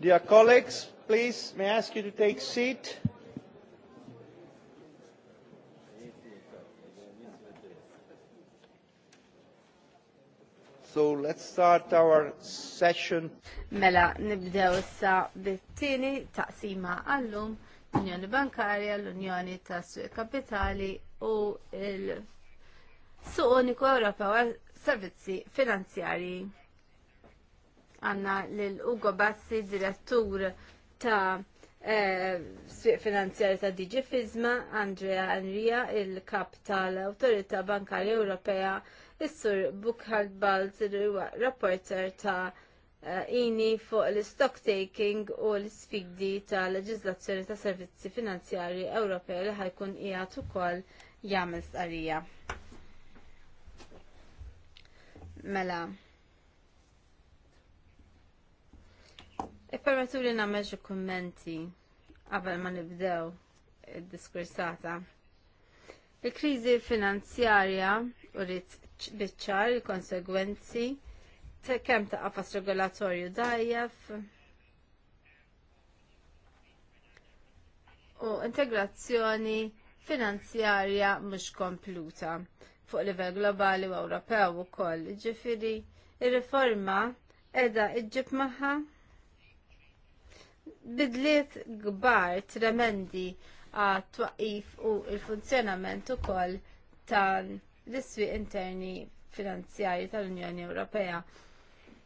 Dear colleagues, please, may I ask you to take a seat? So let's start our session. Mela, nibdew issa bit-tieni taqsima għallum l-Unjoni Bankarja, l-Unjoni tas-Suq Kapitali u l-Suq Uniku Ewropew servizzi finanzjarji għanna l-Ugo Bassi, direttur ta' eh, Sfiq Finanzjari ta' Digi Fizma, Andrea Enria, il-kap tal autorita Bankarja Ewropea, is-sur Bukhard Balz, il rapporter ta' eh, ini fuq l-stock taking u l-sfidi ta' Legislazzjoni ta' servizzi finanzjari Ewropej li ħajkun qiegħed ukoll jagħmel stqarrija. Mela, Ippermetu li nagħmel xi kummenti qabel ma nibdew id-diskursata. Il-kriżi finanzjarja u rrit biċċar il-konsegwenzi kemm ta' qafas regolatorju dajjef u integrazzjoni finanzjarja mhux kompluta fuq livell globali u Ewropew ukoll. Ġifiri, ir-riforma qiegħda ġġib magħha bidliet kbar tremendi għat twaqif u l funzjonament ukoll tal l-iswi interni finanzjarji tal-Unjoni Ewropea.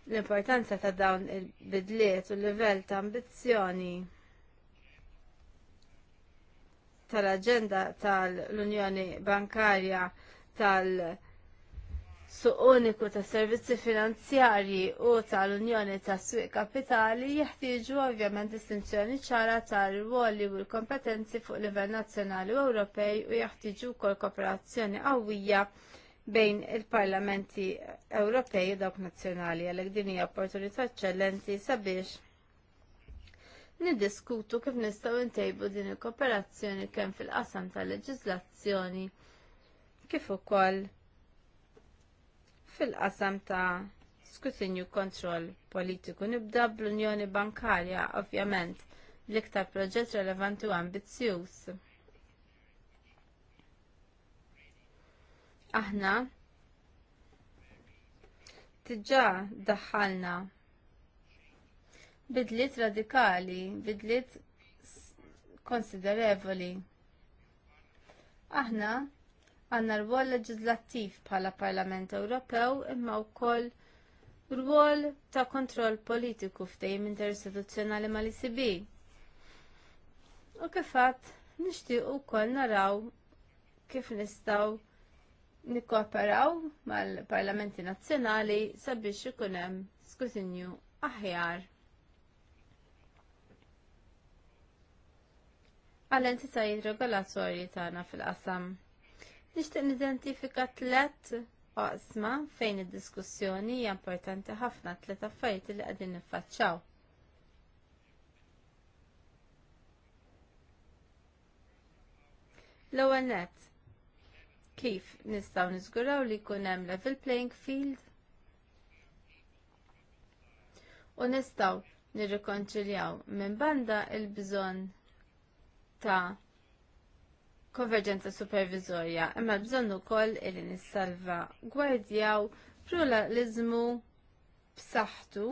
L-importanza ta' dawn il-bidliet u l-livell ta' ambizzjoni tal-agenda tal-Unjoni Bankarja tal-Unjoni suq uniku ta' servizzi finanzjarji u tal-Unjoni ta' Swieq Kapitali jeħtieġu ovvjament distinzjoni ċara tal-ruoli u l-kompetenzi fuq livell nazzjonali u Ewropej u jeħtieġu wkoll kooperazzjoni qawwija bejn il-parlamenti Ewropej u dawk nazzjonali għalhekk din hija opportunità eċċellenti sabiex niddiskutu kif nistgħu ntejbu din il-kooperazzjoni kemm fil-qasam tal-leġiżlazzjoni kif ukoll fil-qasam ta' skutinju kontroll politiku nibda bl-Unjoni Bankarja, ovvjament, l-iktar proġett relevanti u ambizzjuż. Aħna diġà daħħalna bidliet radikali, bidliet konsiderevoli. Aħna għanna rwol leġislattiv bħala Parlament Ewropew imma wkoll rwol ta' kontroll politiku f'dejjem interistituzzjonali mal-ICB. U kif għadd nixtieq ukoll naraw kif nistgħu nikkooperaw mal-Parlamenti Nazzjonali sabiex ikun hemm skrutinju aħjar Għal entitajiet regolatorji tagħna fil-qasam. Nixtieq nidentifika tlet oqsma fejn id-diskussjoni hija importanti ħafna tlet affarijiet li qegħdin niffaċċaw. L-ewwel nett, kif nistgħu niżguraw li jkun hemm level playing field u nistgħu nirrikonċiljaw minn banda il-bżonn ta' konverġenza supervizorja, imma bżonnu kol li nissalva gwardjaw pluralizmu b'saħħtu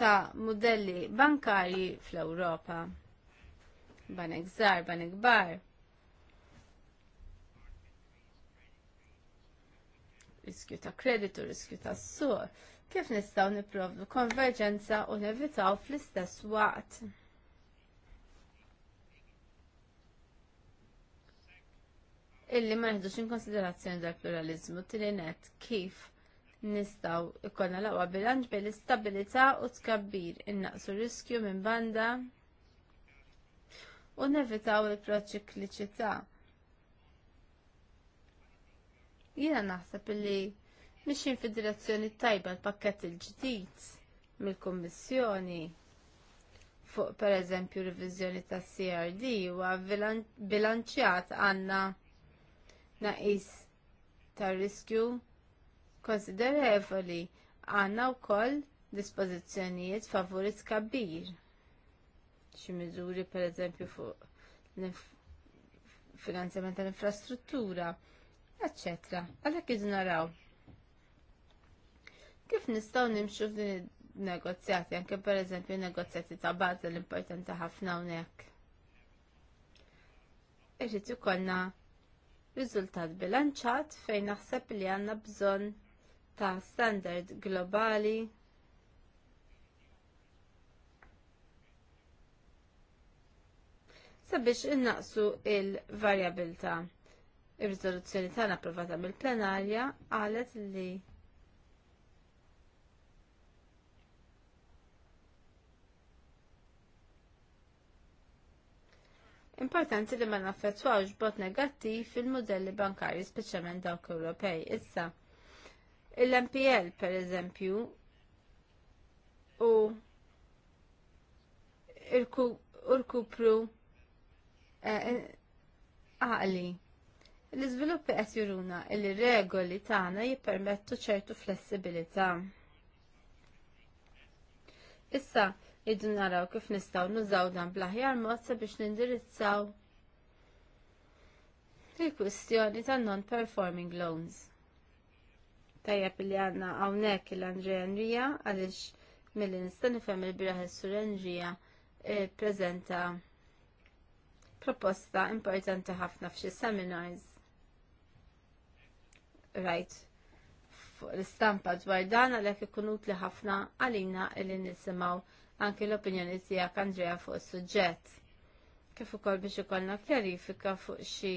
ta' modelli bankarji fl-Ewropa. Banek żgħar, banek kbar. Riskju ta' kreditu, riskju ta' s-sur. Kif nistgħu nipprovdu konverġenza u nevitaw fl-istess waqt? illi ma jħdux inkonsiderazzjoni dal-pluralizmu tilinet kif nistaw ikkonna laqwa bilanċ bejn l-istabilità u tkabbir innaqsu riskju minn banda u nevitaw il-proċikliċità. Jiena naħseb illi mixin fid direzzjoni tajba l-pakket il-ġdid mill-Kummissjoni fuq pereżempju riviżjoni tas CRD u bilanċjat għandna naqis tar riskju konsiderevoli għandna wkoll dispożizzjonijiet favuri tkabbir. Xi miżuri pereżempju fuq finanzjament tal-infrastruttura, eccetera. Għalhekk idu naraw kif nistgħu nimxu f'din il-negozjati, anke pereżempju negozjati ta' bazza l-importanti ħafna hawnhekk. Irrid ikollna riżultat bilanċat fejn naħseb li għandna bżonn ta' standard globali sabiex innaqsu il-varjabilta. Ir-riżoluzzjoni tagħna approvata mill-plenarja qalet li Importanti li ma naffettwawx bot negattiv fil-modelli bankarji speċjalment dawk Ewropej. Issa, l-MPL per eżempju u il-kupru eh, għali. L-iżviluppi qed juruna li regoli tagħna jippermettu ċertu flessibilità. Issa, Iddu naraw kif nistgħu nużaw dan bl-aħjar mod sabiex nindirizzaw il-kwistjoni ta' non-performing loans. Tajja li għandna hawnhekk il-Andrea Enrija għaliex milli nista' nifhem il biraħi sur Enrija ppreżenta eh, proposta importanti ħafna f'xi seminars. Right. Fuq l-istampa dwar dan għalhekk ikun utli ħafna għalina li nisimgħu anki l-opinjoni tiegħek Andrea fuq is-suġġett. Kif ukoll biex ikollna kjarifika fuq xi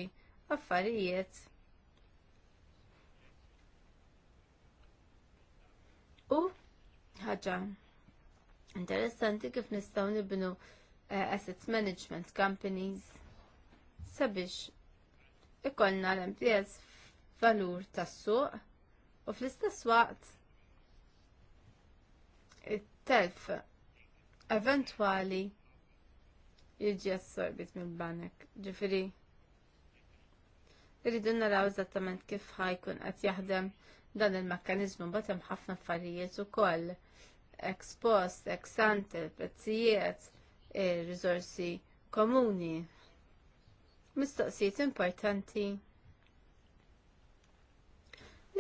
affarijiet. U ħaġa interessanti kif nistgħu nibnu eh, assets management companies sabiex ikollna l-MPS valur tas-suq u fl-istess waqt it-telf eventwali jiġi assorbit mill-banek. Ġifiri, rridu naraw eżattament kif ħajkun qed jaħdem dan il-mekkanizmu mbagħad hemm ħafna affarijiet ukoll ex post, ex ante, prezzijiet, riżorsi komuni. Mistoqsijiet importanti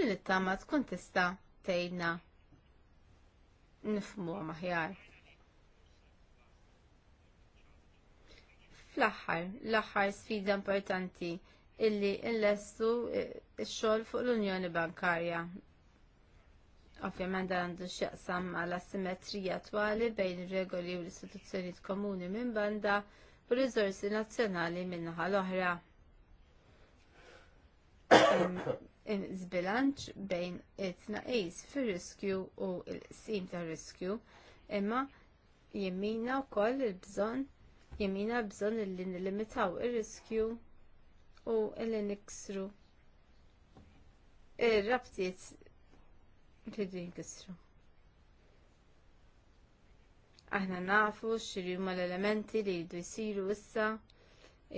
li tama tkun tista' tgħinna. nifhmuha maħjar. fl-aħħar, l-aħħar sfida importanti illi nlestu eh, x-xogħol fuq l-Unjoni Bankarja. Ovvjament dan għandu x'jaqsam għal asimetrija twali bejn ir-regoli u l-istituzzjonijiet komuni minn banda u riżorsi nazzjonali min-naħa l-oħra. Zbilanċ bejn it-tnaqis fir-riskju u l-qsim tar-riskju imma jemmina wkoll il-bżonn jemina bżonn illi nilimitaw ir-riskju u illi niksru ir-rabtiet li jinkisru. Aħna nafu xiri huma l-elementi li jridu jsiru issa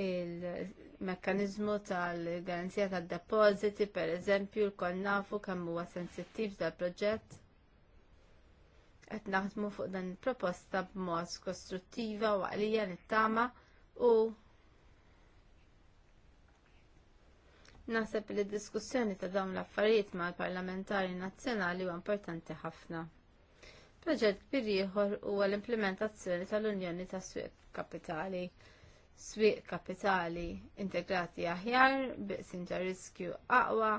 il-mekkanizmu tal-garanzija tad-depożiti, pereżempju, l-kon nafu kemm huwa sensittiv dal-proġett qed naħdmu fuq dan il-proposta b'mod kostruttiva u għalija nittama u Naħseb li d diskussjoni ta' dawn l-affarijiet mal parlamentari nazzjonali huwa importanti ħafna. Proġett bir ieħor huwa l-implementazzjoni tal-Unjoni ta' Swieq Kapitali. Swieq Kapitali integrati aħjar, biqsin ta' riskju aqwa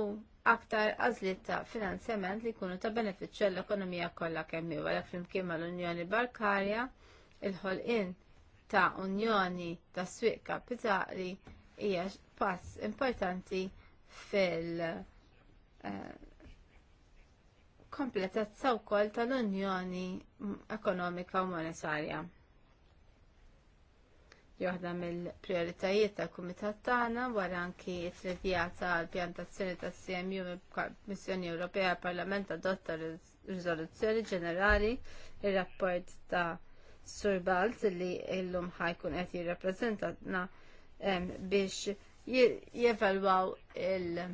u aktar għazlit ta' finanzjament li jkunu ta' beneficja l-ekonomija kollha kemm hu għalhekk flimkien mal-Unjoni Bankarja il-ħolqien ta' Unjoni ta' Swieq Kapitali hija pass importanti fil- eh, kompletezza wkoll tal-Unjoni Ekonomika u Monetarja joħda mill-prioritajiet tal-Kumitat tagħna wara anki t-tredija tal-pjantazzjoni tas-CMU mill-Missjoni Ewropea Parlament adotta riżoluzzjoni ġenerali ir-rapport ta' Sur Balt li illum ħajkun qed jirrappreżentatna biex jevalwaw il-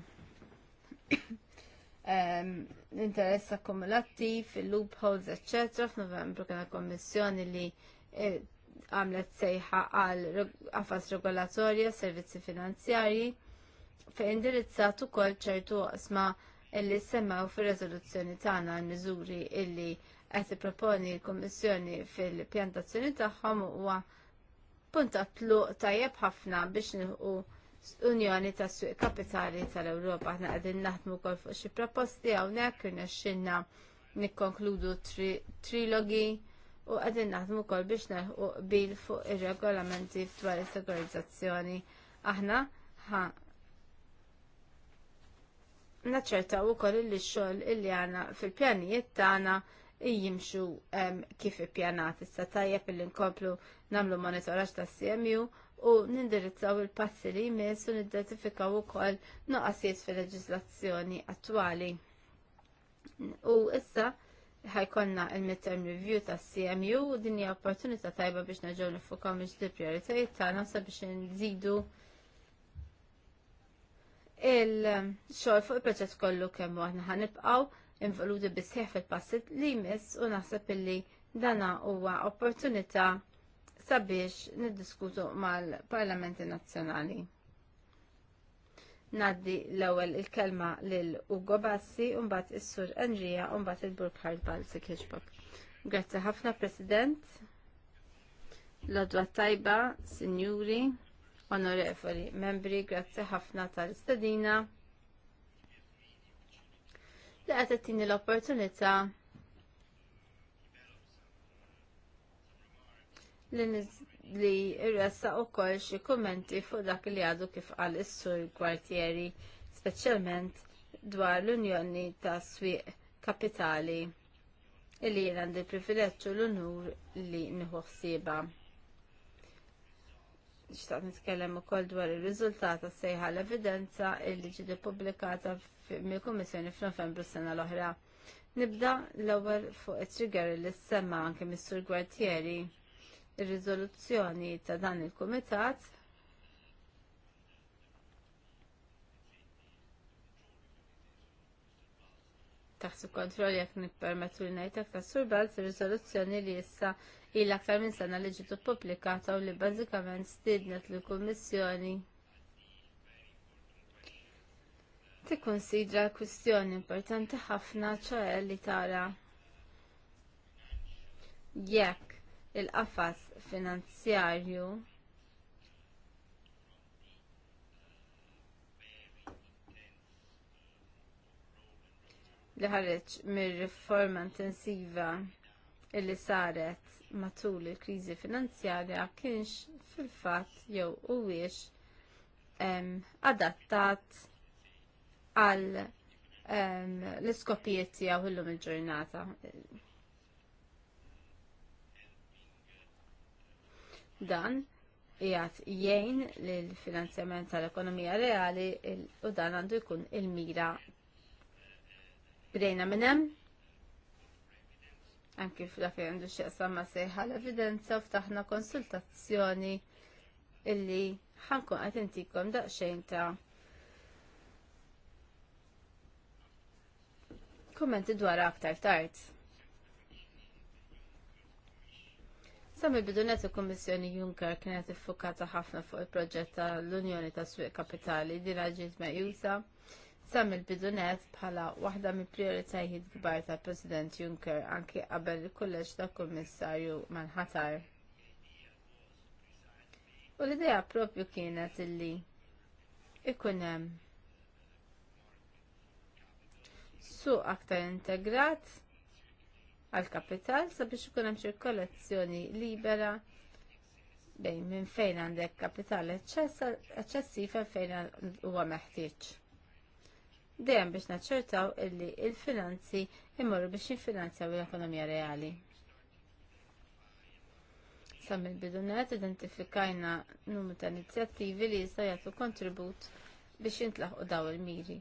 l-interess akkumulattiv, il-loopholes, eccetera, f'Novembru kien kommissjoni li għamlet sejħa għal għafas regolatorja, servizzi finanzjarji, fe indirizzat ukoll ċertu qasma illi semmaw fir rezoluzzjoni tagħna l-miżuri illi qed proponi l-Kummissjoni fil-pjantazzjoni tagħhom huwa punta tluq tajjeb ħafna biex nilħu Unjoni tas Suq Kapitali tal-Ewropa. Aħna qegħdin naħdmu wkoll fuq xi proposti hawnhekk irnexxinna nikkonkludu trilogi u għadin naħdmu kol biex neħu bil fuq ir-regolamenti dwar is segurizzazzjoni Aħna ħa naċċertaw ukoll li x-xogħol illi għana fil-pjanijiet tagħna jimxu kif ippjanat issa tajjeb illi nkomplu nagħmlu monitoraġġ tas-CMU u nindirizzaw il-passi li jmiss u nidentifikaw ukoll noqasijiet fil-leġiżlazzjoni attwali. U issa ħajkonna il-midterm review ta' CMU u din hija opportunità tajba biex nerġgħu nifukaw miex di prioritajiet nasa biex nżidu il xor fuq il-proġett kollu kemm aħna ħanibqgħu involuti bisħieħ fil-passit li jmiss u naħseb illi dana huwa opportunità sabiex niddiskutu mal-Parlamenti Nazzjonali. Naddi l-ewwel il-kelma lil Ugo Bassi u mbagħad is-Sur Enrija u mbagħad il-Burkhard Balsi Kirchbock. Grazzi ħafna President. Lodwa tajba, Sinjuri, Onorevoli Membri, grazzi ħafna tal-istadina. Li għatettini l-opportunità li li rressa u koll xie kommenti fuq dak li għadu kif għal is-sur kwartieri, specialment dwar l-Unjoni ta' Swieq Kapitali li jien għandi privileġġu l-unur li nħuħsiba. Xtaqt nitkellem ukoll dwar ir-riżultat sejħa l-evidenza li ġiet ippubblikata mill-Kummissjoni f'Novembru sena l-oħra. Nibda l-ewwel fuq it-trigger li semma anke mis-Sur Gwartieri ir-riżoluzzjoni ta' dan il-kumitat taħt kontroll jekk nippermettu li ngħidlek ta' surbalt ir-riżoluzzjoni li issa il aktar minn sena li ġitu ippubblikata u li bażikament stidnet lill kummissjoni tikkunsidra kwistjoni importanti ħafna ċoħe li tara jekk il-qafas finanzjarju li ħareġ mir-riforma intensiva illi saret matul il-kriżi finanzjarja kienx fil-fatt jew huwiex adattat għal l-iskopijiet tiegħu illum il-ġurnata. dan jgħat jgħin l-finanzjament tal-ekonomija reali u dan għandu jkun il-mira bdejna minnem anki fl-għafi għandu xieqsa ma sejħa l-evidenza u ftaħna konsultazzjoni illi ħankun għatintikom daqxejn ta' kommenti dwar aktar tard. bidu bidunet il-Kommissjoni Juncker kienet iffukata ħafna fuq il-proġett tal-Unjoni ta' Swieq Kapitali li raġiet meqjusa. Sammi bidu net bħala waħda mill prioritajiet kbar tal President Juncker anki qabel il-kulleġġ ta' Kummissarju Manħatar. U l-idea propju kienet illi ikunem suq aktar integrat għal-kapital sabiex ikun hemm ċirkolazzjoni libera bejn minn fejn għandek kapital eċċessiv għal fejn huwa meħtieġ. Dejjem biex naċċertaw illi l finanzi imorru biex jiffinanzjaw l-ekonomija reali. Sa mill-bidunet identifikajna numru ta' inizjattivi li jista' jagħtu kontribut biex jintlaħqu daw il-miri.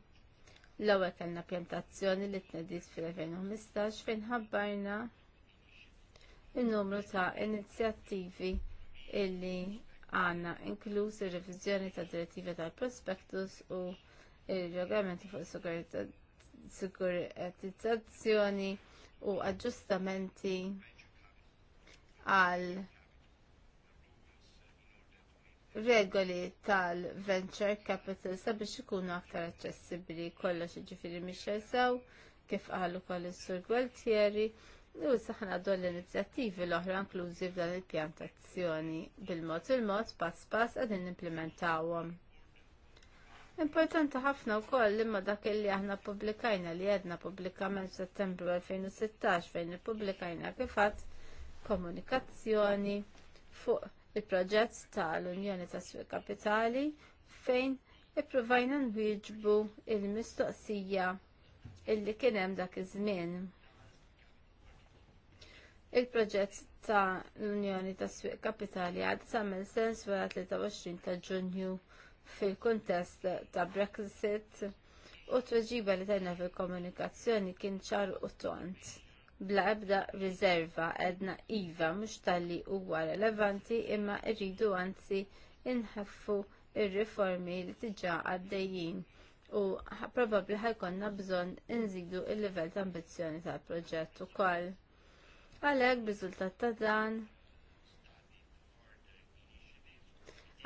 L-ewwel kellna pjantazzjoni li tnedis fil-2015 fejn ħabbarna in numru ta' inizjattivi illi għandna inkluż ir-reviżjoni tad direttiva tal-prospektus u il-regolamenti fuq sigurizzazzjoni u aġġustamenti għal regoli tal-venture capital sabiex ikunu aktar aċċessibbli kollox ġifiri mixel sew kif qalu koll is-Sur Gualtieri u saħna għaddu l-inizjattivi l-oħra inklużi f'dan il-pjantazzjoni bil-mod il-mod pass pass għadin nimplementawhom. Importanti ħafna wkoll imma dak li aħna ppubblikajna li għedna pubblikament f'Settembru 2016 fejn ippubblikajna kif komunikazzjoni fuq il-proġett tal-Unjoni tas-Suq Kapitali fejn ippruvajna nwieġbu il-mistoqsija illi kien hemm dak iż-żmien. Il-proġett ta' l-Unjoni ta' Swieq Kapitali għad tagħmel sens wara 23 ta' Ġunju fil-kuntest ta' Brexit u t tweġiba li tajna fil-komunikazzjoni kien ċar u tont bla ebda riserva edna iva mhux talli huwa relevanti imma rridu anzi inħaffu r riformi li diġà għaddejjin u probabbli ħajkonna bżonn inżidu l livell ta' ambizzjoni tal-proġett ukoll. Għalhekk biżultat ta' dan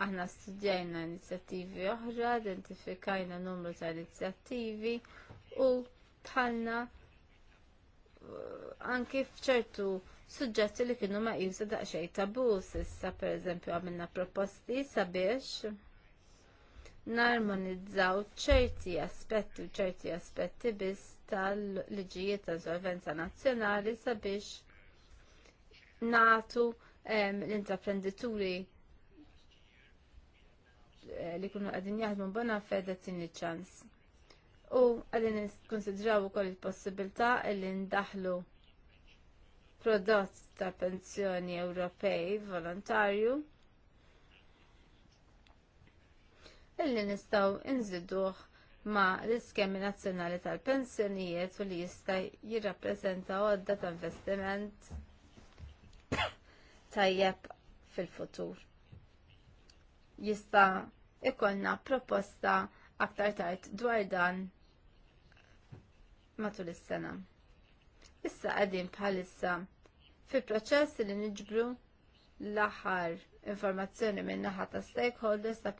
aħna studjajna inizjattivi oħra, identifikajna numru ta' inizjattivi u tħallna anki fċertu suġġetti li kienu ma' jinsu daqxej tabu issa per eżempju għamilna proposti sabiex narmonizzaw ċerti aspetti u ċerti aspetti biss tal-liġijiet ta' solvenza nazzjonali sabiex natu l-intraprendituri eh, li kunu għadin jaħdmu bona fedda tini ċans. U għadin konsidraw ukoll il-possibilità li ndaħlu prodott ta' pensjoni Ewropej volontarju illi nistaw inżiduh ma' l-iskemi nazzjonali tal-pensjonijiet u li jista' jirrappreżenta għodda ta' investiment tajjeb fil-futur. Jista' ikollna proposta aktar tard dwar dan matul is-sena. Issa qegħdin bħalissa fi proċess li niġbru l-aħħar informazzjoni minn naħa ta' stakeholders ta'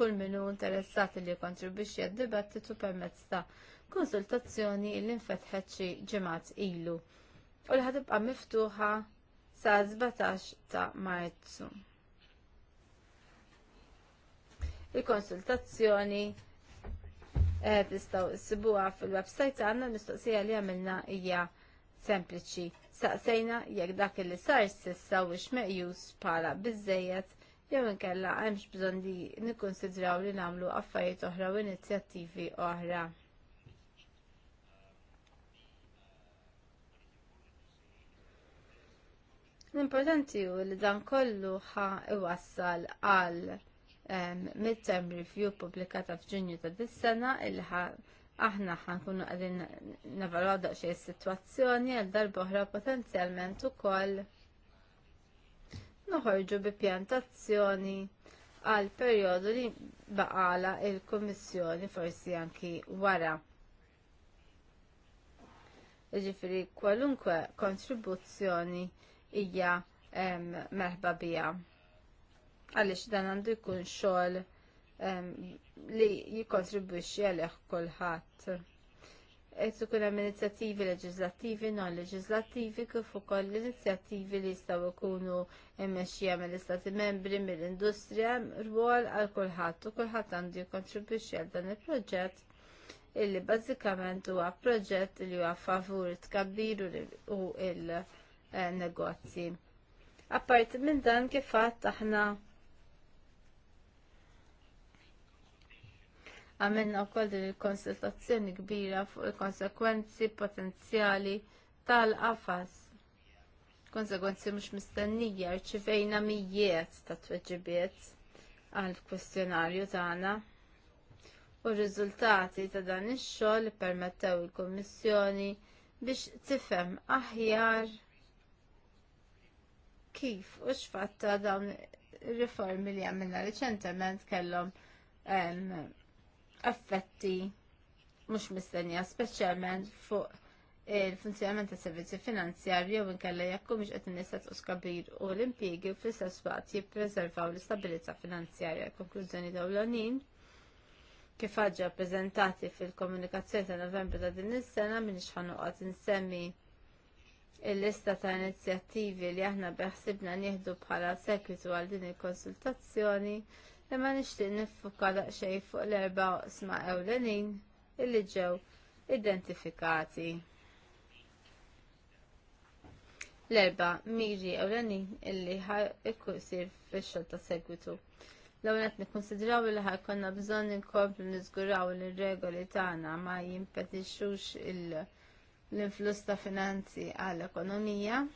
kull minnu interessati li kontribwixxi għad-dibattitu permezz ta' konsultazzjoni li nfetħet xi ġimgħat ilu u li ħadibqa' miftuħa sa 17 ta' Marzu. Il-konsultazzjoni Eh, tistgħu sibuha fil-website għanna mistoqsija li għamilna hija sempliċi. Saqsejna jekk dak li sar sissa wix meqjus bħala biżejjed jew inkella hemmx bżonn li nikkonsidraw li nagħmlu affarijiet oħra u inizjattivi oħra. L-importanti hu li dan kollu ħa iwassal għal midterm review publikata f'Ġunju ta' dis-sena illi aħna ħankunu għadin navalaw daqxie situazzjoni għal darba uħra potenzjalment ukoll noħorġu bi pjantazzjoni għal perjodu li baqala il komissjoni forsi anki wara. Ġifiri, kwalunkwe kontribuzzjoni hija merħba bija għaliex dan għandu jkun xogħol li jikontribuċi għalih kulħadd. Qed kuna hemm inizjattivi leġislattivi, non leġizlativi, kif ukoll inizjattivi li jistgħu jkunu mmexxija mill-Istati Membri mill-Industrija rwol għal kulħadd u kulħadd għandu jikkontribwixxi għal dan il-proġett illi bażikament huwa proġett li huwa favur tkabbir u il-negozji. Eh, Apparti minn dan kif fatt aħna Għamilna wkoll din il-konsultazzjoni kbira fuq il-konsekwenzi potenzjali tal-qafas. Konsekwenzi mhux mistennija rċivejna mijiet ta' tweġibiet għal kwestjonarju tagħna. U r-riżultati ta' dan ix-xogħol permettew il-Kummissjoni biex tifhem aħjar kif u x'fatta dawn ir-riformi li għamilna riċentement kellhom effetti mhux mistennija, speċjalment fuq il-funzjonament ta' servizzi finanzjarji u nkella jekk mhux qed nisat u skabir u l-impjiegi u fl-istess waqt jippreservaw l istabilizza finanzjarja. Konklużjoni dawlanin kif ħaġa ppreżentati fil-komunikazzjoni ta' Novembru ta' din is-sena minn x'ħanuqgħod insemmi il-lista ta' inizjattivi li aħna beħsibna nieħdu bħala sekwitu għal din il-konsultazzjoni imma nixtieq niffuka daqsxejn fuq l-erba' sma' ewlenin illi ġew identifikati. L-erba' miri ewlenin illi ikkursir fix-xogħol ta' segwitu. L-ewwel qed nikkonsidraw li konna bżonn inkomplu niżguraw li r-regoli tagħna ma jimpetixxux l-influss ta' finanzi għall-ekonomija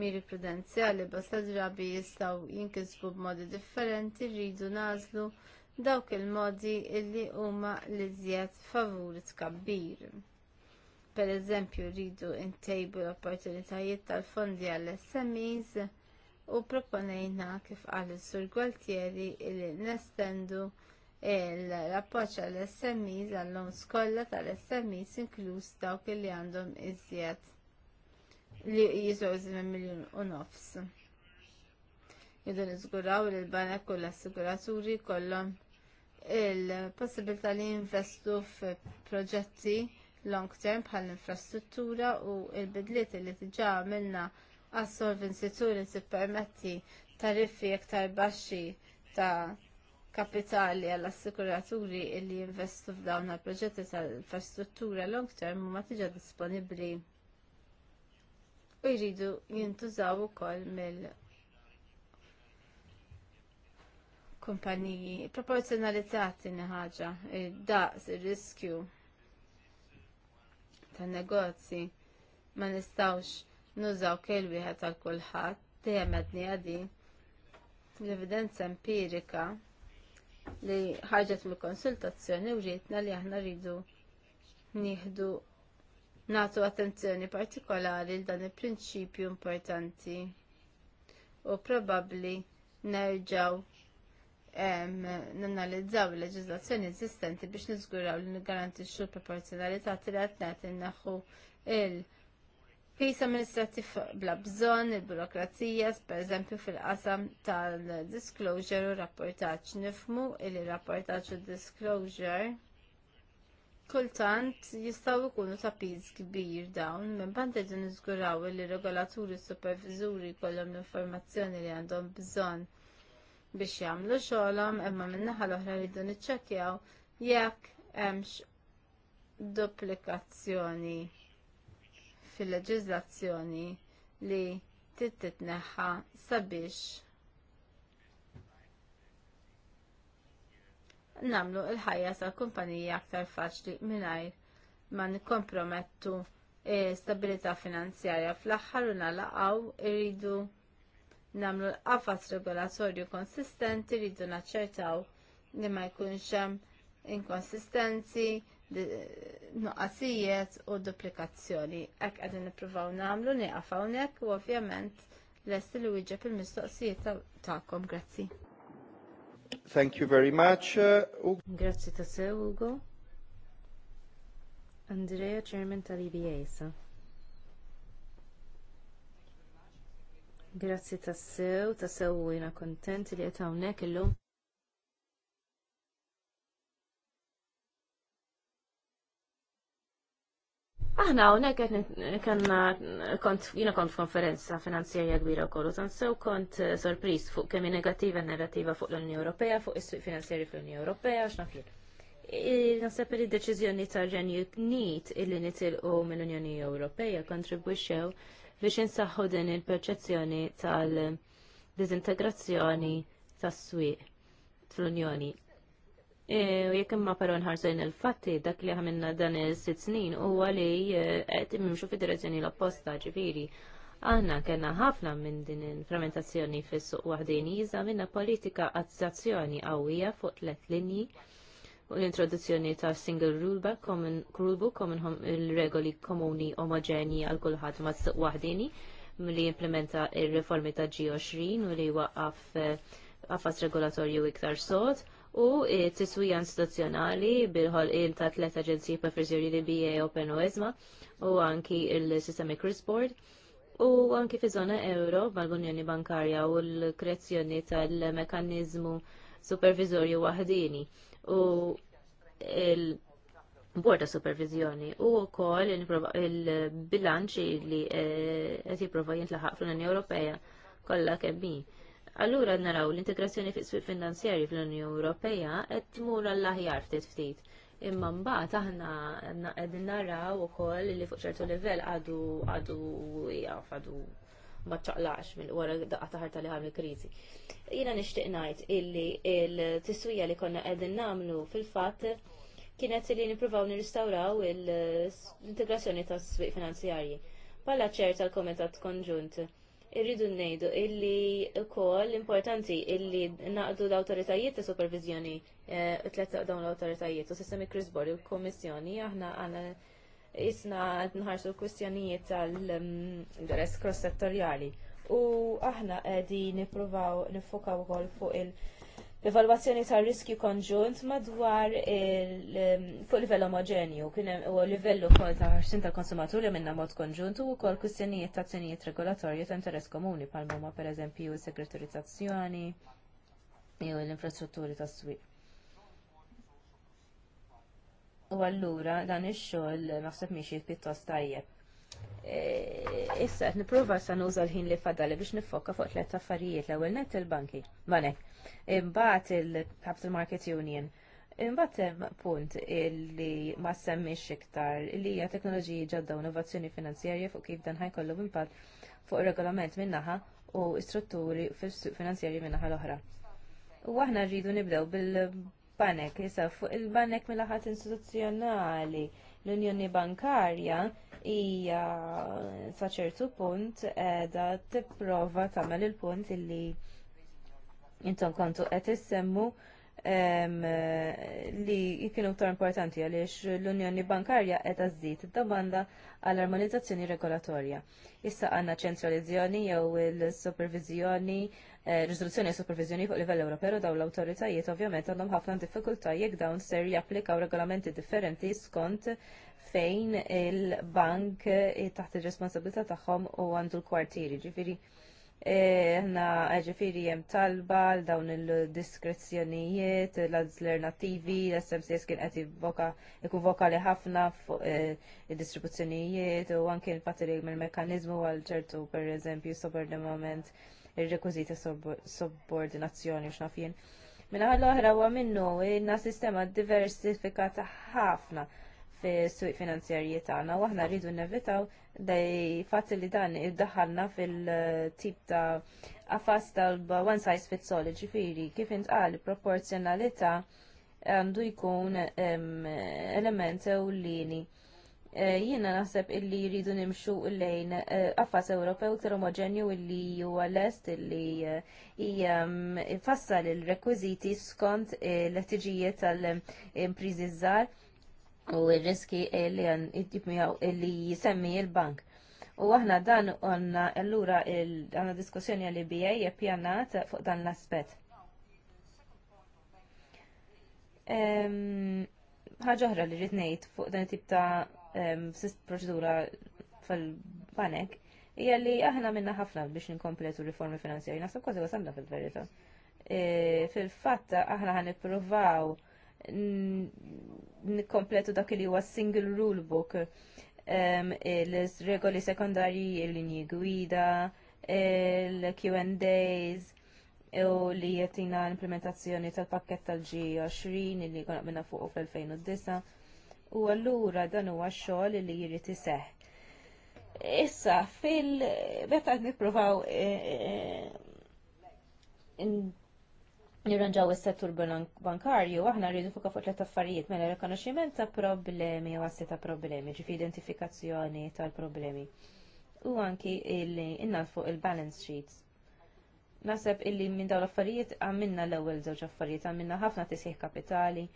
miri prudenzjali bosta drabi jistgħu jinkisbu b'modi differenti rridu nazlu dawk il-modi illi huma li żjed favuri tkabbir. Pereżempju rridu ntejbu l-opportunitajiet tal-fondi għall-SMEs u proponejna kif qal sur Gualtieri illi nestendu l-appoċ għall-SMEs għall-lom skolla tal-SMEs inkluż dawk illi għandhom iżjed li minn miljon u nofs. Jidu nizguraw li l-banek u l-assiguraturi kollom il-possibilità li jinvestu f'proġetti long term bħal infrastruttura u il-bidliet li tiġa għamilna għas situri turi tippermetti tariffi iktar baxxi ta' kapitali għall-assikuraturi li jinvestu f'dawn il-proġetti tal-infrastruttura long term huma tiġa disponibbli u jridu jintużaw ukoll mill kumpaniji. Proporzjonalità tini ħaġa, id-daqs, ir-riskju tan negozji ma nistawx nużaw kell wieħed għal kulħadd dejjem għadni din. l-evidenza empirika li ħarġet mill konsultazzjoni u li aħna rridu nieħdu Natu attenzjoni partikolari l dan il-prinċipju importanti u probabbli nerġaw nanalizzaw il-leġizlazzjoni eżistenti biex niżguraw li nigarantixxu l-proporzjonalità tirat net innaħħu il- Pis amministrativ bla bżonn, il-burokrazija, pereżempju fil-qasam tal-disclosure u rapportaġġ. Nifmu il-rapportaġġ u disclosure kultant jistgħu jkunu ta' piż kbir dawn, minn band qegħdu niżguraw li regolaturi superviżuri jkollhom l-informazzjoni li għandhom bżonn biex jagħmlu xogħolhom, imma min-naħa l-oħra rridu niċċekkjaw jekk hemmx duplikazzjoni fil-leġiżlazzjoni li titneħħa sabiex namlu il-ħajja tal-kumpanija aktar faċli mingħajr ma nikkompromettu stabilità finanzjarja fl-aħħar u nalaqgħu irridu namlu l-qafas regolatorju konsistenti rridu naċċertaw li ma jkunx hemm inkonsistenzi, nuqqasijiet u duplikazzjoni. Hekk qegħdin nippruvaw nagħmlu nieqaf hawnhekk u ovvjament lest li wieġeb il-mistoqsijiet tagħkom. Grazzi. Thank you very much. Uh, Grazie a te, Ugo. Andrea, Chairman tal Grazie a te, ta' sew, ta' sew jina kontent li għetawnek illum. Aħna hawnhekk qed kellna kont jiena kont konferenza finanzjarja kbira wkoll u sew kont eh, sorpriż fuq kemm negattiva narrativa e fuq l-Unjoni Ewropea, fuq is-suq finanzjarji fl-Unjoni Ewropea x'naf jien. Naħseb li d-deċiżjoni tal-Renju Unit illi nitilqu mill-Unjoni Ewropea kontribwixxew biex insaħħu din il-perċezzjoni tal-dizintegrazzjoni tas-swieq fl-Unjoni. E, u jekk imma però nħarsu il-fatti dak li għamilna dan il sitt snin huwa li e, qed imxu fid-direzzjoni l-opposta ġifieri. Aħna kellna ħafna minn din il-fermentazzjoni fis-suq waħdin jiza minna politika azzjazzjoni qawwija fuq tliet linji u l-introduzzjoni ta' single rulebook, common rulebook, common il-regoli komuni omogeni għal kulħadd ma' suq waħdini li implementa il-reformi ta' G20 u li waqqaf e, għafas regolatorju iktar sod u t-tiswija istituzzjonali bil-ħolqien ta' tlet aġenziji pa' friżjuri li bija Open Oesma u anki il-Systemic Risk Board u anki fi zona euro mal-Unjoni Bankarja u l-kreazzjoni tal-mekanizmu supervizorju wahdini u il- Borda supervizjoni u kol il-bilanċi li għet eh, jiprofa jintlaħaq fl-Unjoni Ewropea kollha kemmi. Allura naraw l-integrazzjoni fis suq finanzjari fl-Unjoni Ewropea qed tmur għall-aħjar ftit ftit. Imma mbagħad aħna qegħdin naraw ukoll li fuq ċertu livell għadu għadu jaf għadu ma ċaqlax minn wara daqqa taħar tal ħarmi krizi. Jina nishtiq ngħid illi il-tiswija li konna qegħdin namlu fil-fat kienet li nipruvaw niristawraw l-integrazzjoni tas swieq finanzjarji. Palla ċerta tal-komitat konġunt irridu ngħidu illi wkoll importanti illi naqdu l-awtoritajiet ta' supervizjoni eh, tlet dawn l-awtoritajiet u sistemi Crisbor u kommissjoni aħna għandna isna nħarsu l-kwistjonijiet tal-interess cross-settorjali u aħna qegħdin nippruvaw nifokaw ukoll fuq il- l-evalwazzjoni tar riskju konġunt madwar um, fuq livell omogenju, kien u livellu ukoll ta' ħarsin tal-konsumaturi minna mod konġunt u wkoll kwistjonijiet ta' azzjonijiet regolatorju ta' interess komuni bħal huma pereżempju s-segretarizzazzjoni jew l-infrastrutturi tas-swieq. U allura dan ix-xogħol naħseb miexi pjuttost tajjeb. E, issa qed nipprova sa nuża l-ħin li fadali biex nifokka fuq tliet affarijiet l-ewwel nett il-banki imbagħad il-Capital Market Union. Imbagħad hemm punt li ma semmix iktar li hija teknoloġiji ġodda u innovazzjoni finanzjarja fuq kif dan ħajkollu impatt fuq ir-regolament min-naħa u strutturi fis-suq finanzjarji min-naħa l-oħra. U aħna rridu nibdew bil-banek, jisa fuq il-banek mill-aħat istituzzjonali l-Unjoni Bankarja hija sa ċertu punt edha tipprova tagħmel il-punt illi intom kontu qed issemmu li kienu ktar importanti għaliex l-Unjoni Bankarja qed żżid id-domanda għall armonizzazzjoni regolatorja. Issa għandna ċentralizzjoni jew il-supervizjoni, eh, riżoluzzjoni e supervizjoni fuq livell Ewropew dawn l-awtoritajiet ovvjament għandhom ħafna diffikultà jekk dawn ser japplikaw regolamenti differenti skont fejn il-bank eh, taħt ir responsabilità tagħhom u għandu l-kwartieri. Ġifieri E, ħna eh, ġifiri jem talba l-dawn il-diskrezzjonijiet, l-alternativi, l-SMCS kien għati voka li ħafna fuq eh, il-distribuzzjonijiet u anke kien fatti li mekanizmu għal ċertu per eżempju subordinament, il-rekwiziti subordinazzjoni u xnafjen. Minna ħalla oħra huwa minnu inna sistema diversifikata ħafna fis-suq finanzjarji tagħna u aħna rridu nevitaw dej fatt li dan iddaħħalna fil-tip ta' affas tal-one size fits all, ġifiri, kif intqal proporzjonalità għandu jkun element ewlieni. E, jiena naħseb illi jridu nimxu lejn e, affas Ewropew ter omoġenju illi huwa lest illi e, jfassal il-rekwiżiti skont l-ħtiġijiet tal-impriżi żgħar u r-riski li għan li jisemmi il-bank. U aħna dan għanna l-lura għanna diskussjoni għalli bija jepjanat fuq dan l-aspet. ħaġa oħra li rrid ngħid fuq dan tip ta' proċedura fil-banek hija li aħna minna ħafna biex ninkompletu riformi finanzjari, Naħseb kważi wasalna fil-verità. E, fil-fatt aħna ħan nippruvaw nikkompletu dak li huwa single rule book il-regoli sekondari il-linji gwida, il-Q&As, u li jettina l-implementazzjoni tal-pakket tal-G20 li kon minna fuq fl-2009. U għallura dan huwa xogħol li jrid seħ Issa, fil-meta nipprovaw eh, eh, nirranġaw is-settur bankarju, aħna rridu fuq fuq tliet affarijiet mela rikonoxximent ta' problemi u assi ta' problemi, ġifi identifikazzjoni tal-problemi. U anki illi innal fuq il-balance sheets. Naseb illi minn dawn l-affarijiet għamilna l-ewwel żewġ affarijiet, għamilna ħafna tisih kapitali,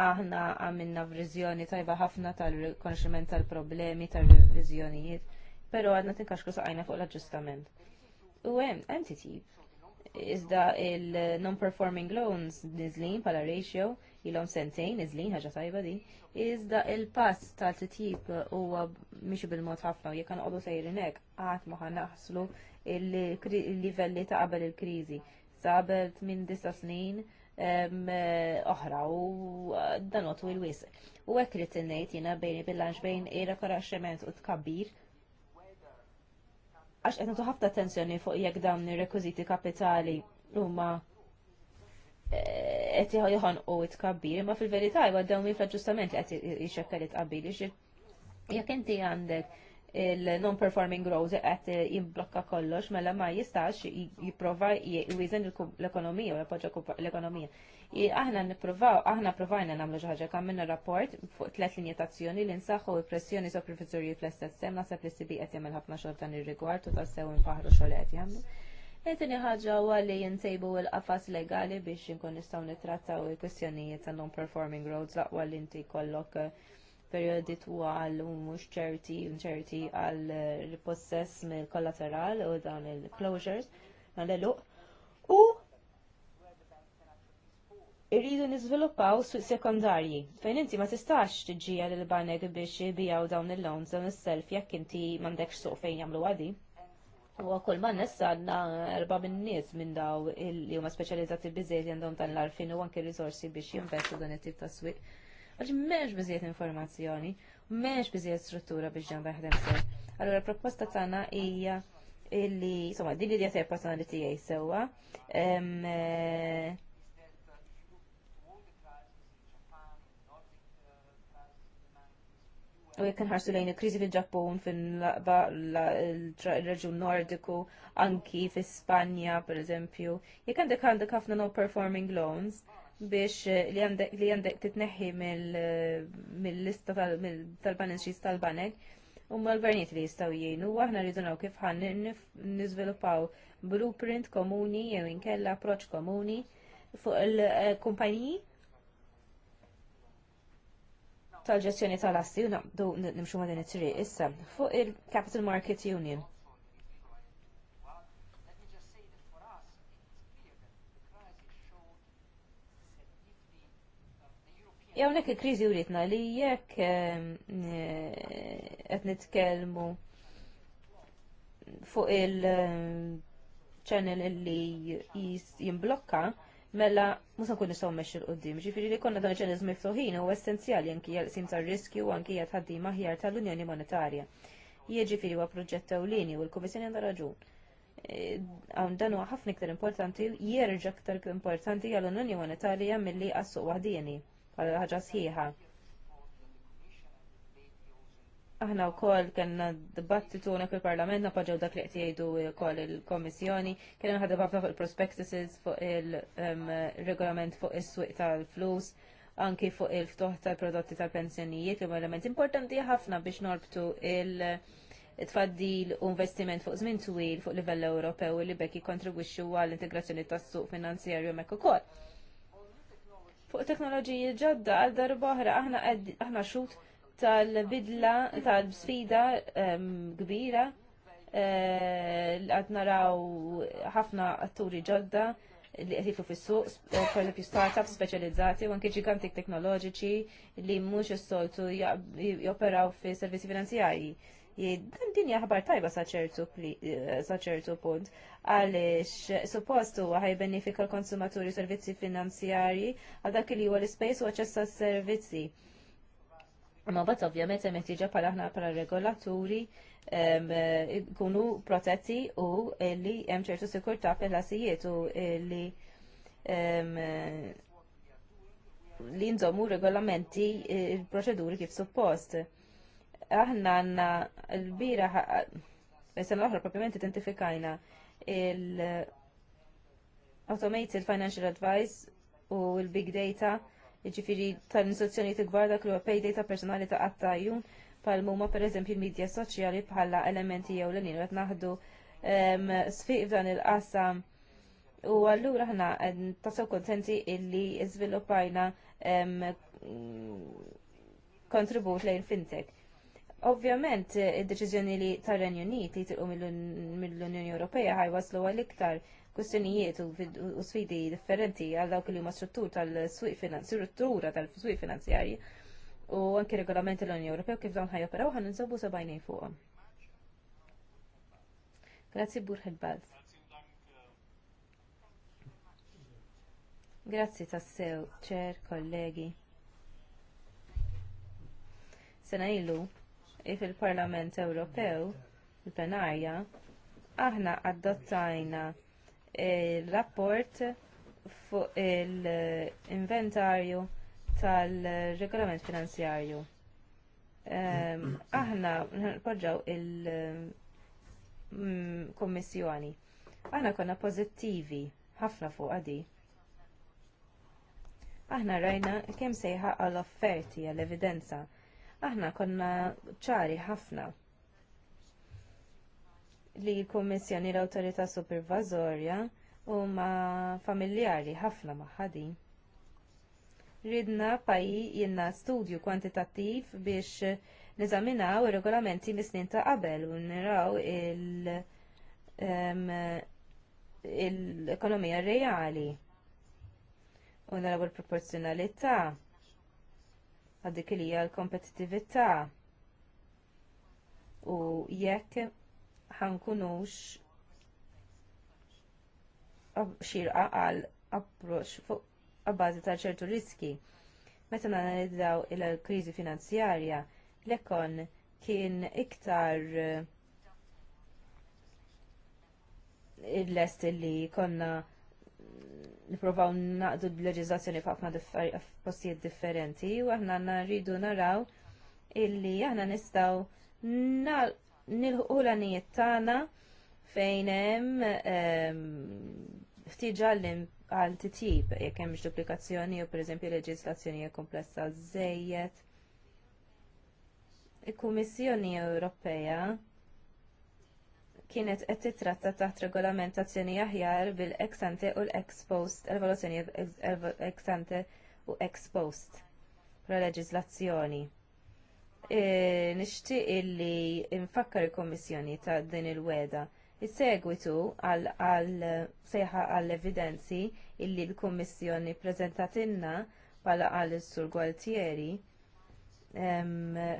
aħna għamilna vrizjoni tajba ħafna tal-rikonoxximent tal-problemi, tal-revizjonijiet, pero għadna tinkaxku saqajna fuq l-aġġustament. U għem, entity iżda il-non-performing loans nizlin pala ratio ilhom sentejn nizlin ħaġa tajba din, iżda il-pass tal-titjib huwa mixi bil-mod ħafna u jekk għodu sejrinek, għat maħan naħslu il-livelli ta' qabel il-kriżi. Sabel minn disa snin oħra u dan il-wisq. U hekk li nejt jiena bejni bil lanġ bejn ira xement u tkabbir għax qed ħafna attenzjoni fuq jekk dawn ir-rekwiżiti kapitali huma eh, qed u tkabbir, imma fil-verità huwa dawn fl-aġġustament li qed jixekkel it-qabbir. Jekk inti għandek il-non-performing growth qed jimblokka kollox mela ma jistax jipprova jwiżen l-ekonomija u jappoġġa l-ekonomija. Aħna nippruvaw, aħna provajna nagħmlu xi ħaġa minna rapport fuq tliet linji ta' azzjoni li nsaħħu i pressjoni so professorju fl estess sem naħseb li sibi qed jagħmel ħafna xogħol dan ir-rigward u sew infaħru xogħol qed jagħmlu. Etini ħagġa u li jinsejbu l-qafas legali biex inkun nistgħu nittrattaw il-kwestjonijiet ta' non-performing roads laqwa li inti jkollok eh, periodi twal u mhux ċerti ċerti għal possess mill kollateral u dawn il-closures għal l u irridu niżviluppaw suq sekondarji fejn inti ma tistax għal lil banek biex jibijaw dawn il-loans dawn is-self jekk inti m'għandekx suq fejn jagħmlu għadi. U kull ma nessa għandna erba' minn nies minn daw li huma speċjalizzati bizzejt għandhom tan l-arfin u anke rizorsi biex jinvestu dan it-tip ta' swieq. Għax m'hemmx bizzejt informazzjoni, m'hemmx bizzejt struttura biex ġan jaħdem sew. Allura proposta tagħna hija illi, insomma, din li idea personali tiegħi sewwa U jekk nħarsu lejn il-kriżi fil-Ġappun, fil-reġun Nordiku, anki fil-Spanja, per eżempju, jekk għandek għandek ħafna non-performing loans biex eh, li għandek li għandek titneħħi eh, mill-lista tal-balance tal-banek, u ma l-gvernijiet li jistaw jgħinu, u aħna rridu naw kif għan nizvilupaw blueprint komuni jew inkella approċ komuni fuq il-kumpaniji eh, tal-ġestjoni tal-assi, naqdu nimxu ma' din it-triq issa, fuq il-Capital Market Union. Jew nek il krizi uritna li jekk ehm, eh, qed nitkellmu fuq il-channel ehm, li jimblokka, mela musa nkun nistgħu mmexxi l qoddim ġifiri li konna dan ġeniż miftuħin huwa essenzjali anki sim tar-riskju u anki tħaddim aħjar tal-Unjoni Monetarja. Jiġifieri huwa proġett ewlieni u l komissjoni għandha raġun. E, Għan dan huwa ħafna iktar importanti jerġa' iktar importanti għall-Unjoni Monetarja milli għas għassu għadini, bħala ħaġa sħiħa aħna wkoll kellna dibattitu unak il-Parlament paġaw dak li qed jgħidu wkoll il-Kommissjoni, kena ħadda ħafna fuq il-prospectuses fuq il-regolament fuq is-swieq tal-flus, anki fuq il ftuħ tal-prodotti tal-pensjonijiet li element importanti ħafna biex norbtu il- tfaddil u investiment fuq żmien twil fuq livell Ewropew li bekk jikkontribwixxu għall-integrazzjoni tas-suq finanzjarju hemmhekk ukoll. Fuq teknoloġiji ġodda għal darba oħra aħna aħna xut tal-bidla, tal-sfida kbira eh, għad naraw ħafna atturi ġodda li qed jitlu fis-suq, eh, per eżempju startups speċjalizzati u għanki ġigantik teknoloġiċi li mhux is-soltu joperaw fi servizzi finanzjarji. Dan din hija tajba eh, sa ċertu punt għaliex suppostu għaj benefika l-konsumaturi servizzi finanzjarji għal dak li huwa l-ispejs u għacessa servizi. servizzi Ma bat ovvjament hemm ħtieġa bħala aħna bħala regolaturi eh, kunu protetti u li hemm ċertu sikurtà fil-ħasijiet u li eh, li nżommu regolamenti eh, il-proċeduri kif suppost. Aħna għanna l-bira Issa l-oħra propjament identifikajna il-Automated Financial Advice u l-Big Data ġifiri tal-insozzjoni t-gbar dak li huwa payday ta' personali ta' għattajjun pal muma per eżempju il-medja soċjali bħala elementi jew l-nien għet naħdu sfiq f'dan il-qasam u għallura ħna tasaw kontenti illi izviluppajna kontribut lejn fintech. Ovvjament, id-deċizjoni li tar-Renju Unit li mill-Unjoni Ewropea ħajwaslu għal iktar kwistjonijiet u sfidi differenti għal dawk li huma struttur tal-swieq finanzjarji, struttura tal-swieq finanzjarji u anke regolamenti l-Unjoni Ewropew kif dawn ħajoperaw ħan insobu sabajnej fuqhom. Grazzi Burħed Balz. Grazzi tassew, ċer, kollegi. Sena illu, if il-Parlament Ewropew, il-plenarja, aħna adottajna il-rapport fuq il-inventarju tal-regolament finanzjarju. Ehm, aħna nħarġaw il-kommissjoni. Aħna konna pozittivi ħafna fuq għadi. Aħna rajna kemm sejħa għall-offerti għall-evidenza. Aħna konna ċari ħafna li l-Kummissjoni l-Awtorità supervażorja huma familjari ħafna magħha Ridna paji jenna studju kwantitattiv biex niżaminaw ir-regolamenti mis-snin ta' qabel u niraw l-ekonomija reali u naraw il-proporzjonalità għaddik li l-kompetittività u jekk ħankunux xirqa għal approċ fuq għabbażi ta' ċertu riski. Meta nanalizzaw il-kriżi finanzjarja, l-ekon kien iktar eh, il-lest li konna niprofaw naqdu b-leġizzazzjoni f'ħafna postijiet differenti u aħna rridu naraw illi aħna nistaw nilħu l-għanijiet tagħna fejn hemm ehm, ftiġa għal titjib jekk hemm duplikazzjoni jew pereżempju leġislazzjoni komplessa żejjed. Il-Kummissjoni Ewropea kienet qed titratta taħt regolamentazzjoni aħjar bil-ex ante u l-ex post, evoluzzjoni ex ante u ex post pro leġislazzjoni. Eh, nixtieq illi nfakkar il kummissjoni ta' din il-weda. Is-segwitu għal sejħa għall evidenzi illi l-Kommissjoni prezentatinna bħala għal sur Gualtieri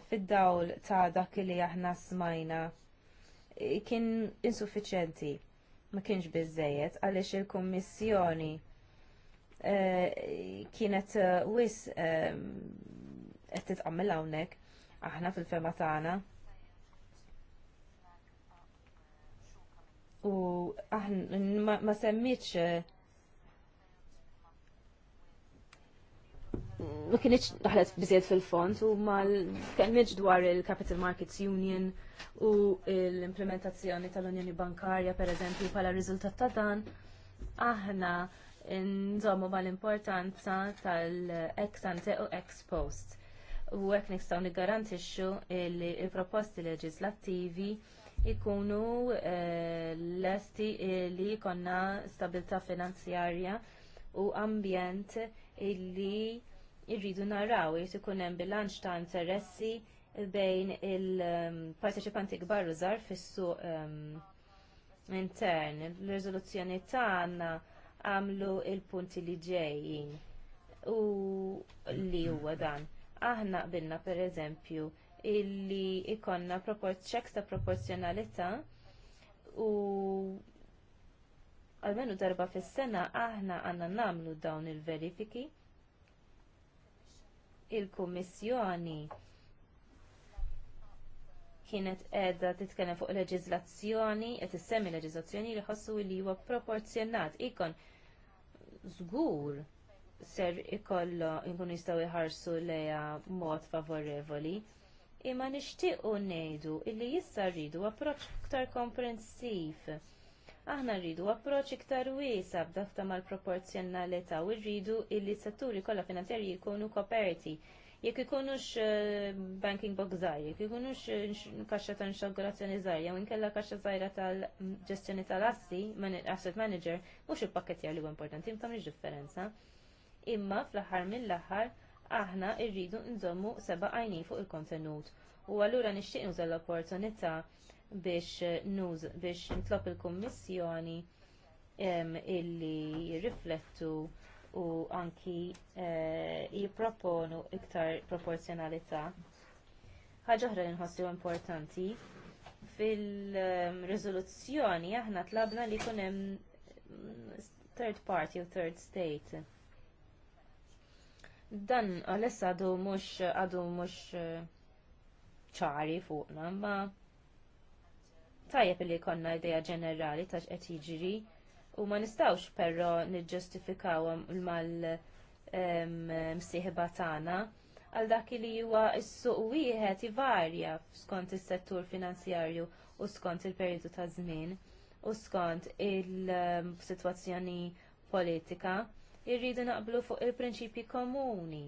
fid-dawl ta' dak li aħna smajna eh, kien insuffiċenti ma kienx biżżejjed għaliex il-Kummissjoni eh, kienet wis qed titqammel hawnhekk aħna fil-fema tagħna. U aħna ma semmitx ma kienieċ daħlet biżiet fil-font u mal kienieċ dwar il-Capital Markets Union u l-implementazzjoni tal-Unjoni Bankarja per eżempju pala riżultat ta' dan aħna nżommu mal-importanza tal-ex ante u ex post u hekk nistgħu niggarantixxu li l-proposti leġislattivi ikunu eh, lesti li jkollna stabilità finanzjarja u ambjent illi irridu naraw irid ikun hemm bilanċ ta' interessi bejn il-parteċipanti gbar u fissu fis ehm, intern. L-riżoluzzjoni tagħna għamlu il-punti li ġejjin u li huwa dan aħna qbilna pereżempju illi ikonna ċeks ta' proporzjonalità u għalmenu darba fis-sena aħna għandna nagħmlu dawn il-verifiki il-Kummissjoni kienet qiegħda titkellem fuq leġiżlazzjoni, qed issemmi leġiżlazzjoni li ħossu li huwa proporzjonat ikon żgur ser ikollu nkun jistgħu jħarsu lejha mod favorevoli. Imma nixtiequ ngħidu illi jista' rridu approċċ iktar komprensiv. Aħna rridu approċċ iktar wiesa b'dafta mal-proporzjonalità u rridu illi s setturi kollha finanzjarji jkunu koperti jekk ikunux eh, banking box zaħir, jekk ikunux eh, kaxxa ta' nxaggurazzjoni zaħir, jew inkella kaxxa zaħira tal-ġestjoni tal-assi, asset manager, mux il-pakket għal u importanti, imtam differenza imma fl-aħħar mill-aħħar aħna rridu nżommu seba' għajni fuq il-kontenut. U allura nixtieq nuża l-opportunità biex nuż biex nitlob il-Kummissjoni illi jirriflettu u anki eh, jipproponu iktar proporzjonalità. Ħaġa oħra li nħossu importanti fil-riżoluzzjoni aħna tlabna li jkun hemm third party u third state dan għalessa għadu mhux għadu mhux eh, ċari fuqna, ma tajjeb li jkollna idea ġenerali ta' x'qed jiġri u ma nistawx però niġġustifikaw mal msieħba tagħna għal dak li huwa s-suq wieħed ivarja skont is-settur finanzjarju u skont il-perjodu ta' żmien u skont il-sitwazzjoni politika irridu naqblu fuq il-prinċipji komuni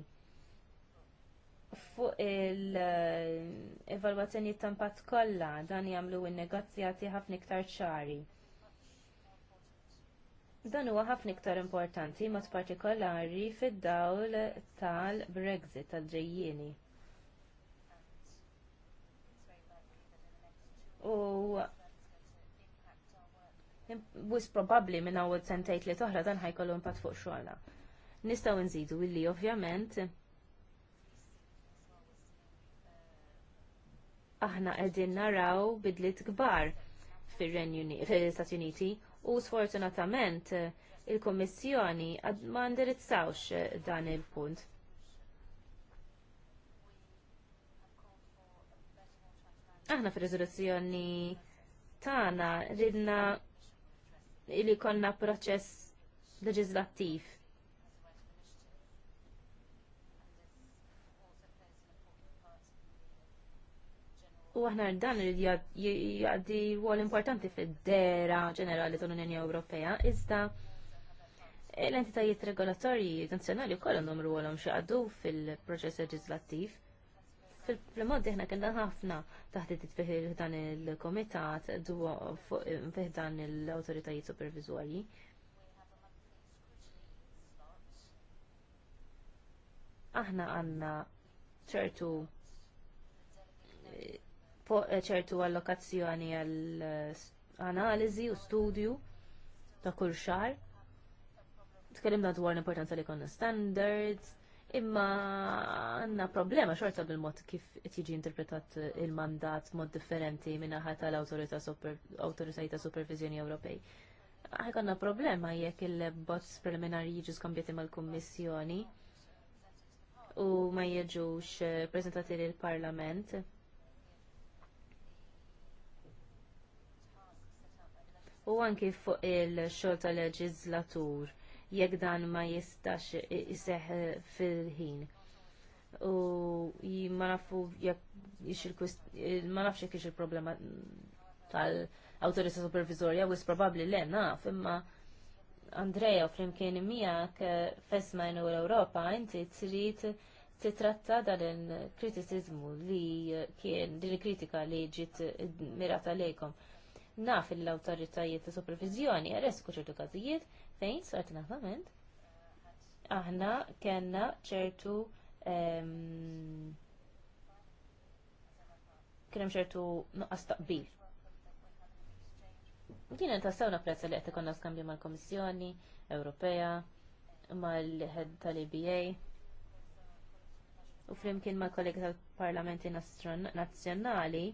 fuq il-evalwazzjoni tampat kollha dan jagħmlu n-negozjati ħafna iktar ċari. Dan huwa ħafna iktar importanti mod partikolari fid-dawl tal-Brexit tal-ġejjieni. U wis probabbli minn għod sentajt li toħra dan ħajkollu impatt fuq xogħolna. Nistgħu nżidu illi ovvjament aħna qegħdin naraw bidliet kbar fir-Stati Uniti u sfortunatament il kummissjoni ma ndirizzawx eh, dan il-punt. Aħna fir-riżoluzzjoni tagħna ridna li konna proċess leġislattiv. U aħna dan jgħaddi wol importanti fid-dera ġenerali tal-Unjoni Ewropea, iżda l-entitajiet regolatorji nazzjonali wkoll numru rwolhom xi għaddu fil-proċess leġislattiv. Fil-mod diħna kena ħafna taħt it dan il-komitat fuq dan l-autoritajiet supervizorji. Aħna għanna ċertu ċertu allokazzjoni għal analizi u studju ta' kull xar. Tkellimna dwar l-importanza li konna standards, imma għanna problema xorta bil-mod kif tiġi interpretat il-mandat mod differenti minna tal-autorità ta' supervizjoni Ewropej. għanna problema jekk il-bots preliminari jiġi skambjati mal-Kommissjoni u ma jieġux eh, prezentati l-Parlament. U anki fuq il xorta tal-leġizlatur jekk dan ma jistax iseħħ fil-ħin. U ma nafu jekk ma nafx jekk il-problema tal awtorita supervizorja u probabbli le naf imma Andreja u flimkien miegħek eh, fesma jenu l-Ewropa inti trid titratta dan il-kritiċiżmu li eh, kien din kritika li ġit mirata lejkom. Naf l-awtoritajiet ta' supervizjoni għares kuċertu kazijiet, fejn sfortunatament aħna kellna ċertu kien hemm ċertu nuqqas taqbil. Kien hemm tassew napprezza li qed ikonna skambju mal-Komissjoni Ewropea, mal-ħed tal-EBA. U flimkien mal-kollegi tal-Parlamenti Nazzjonali,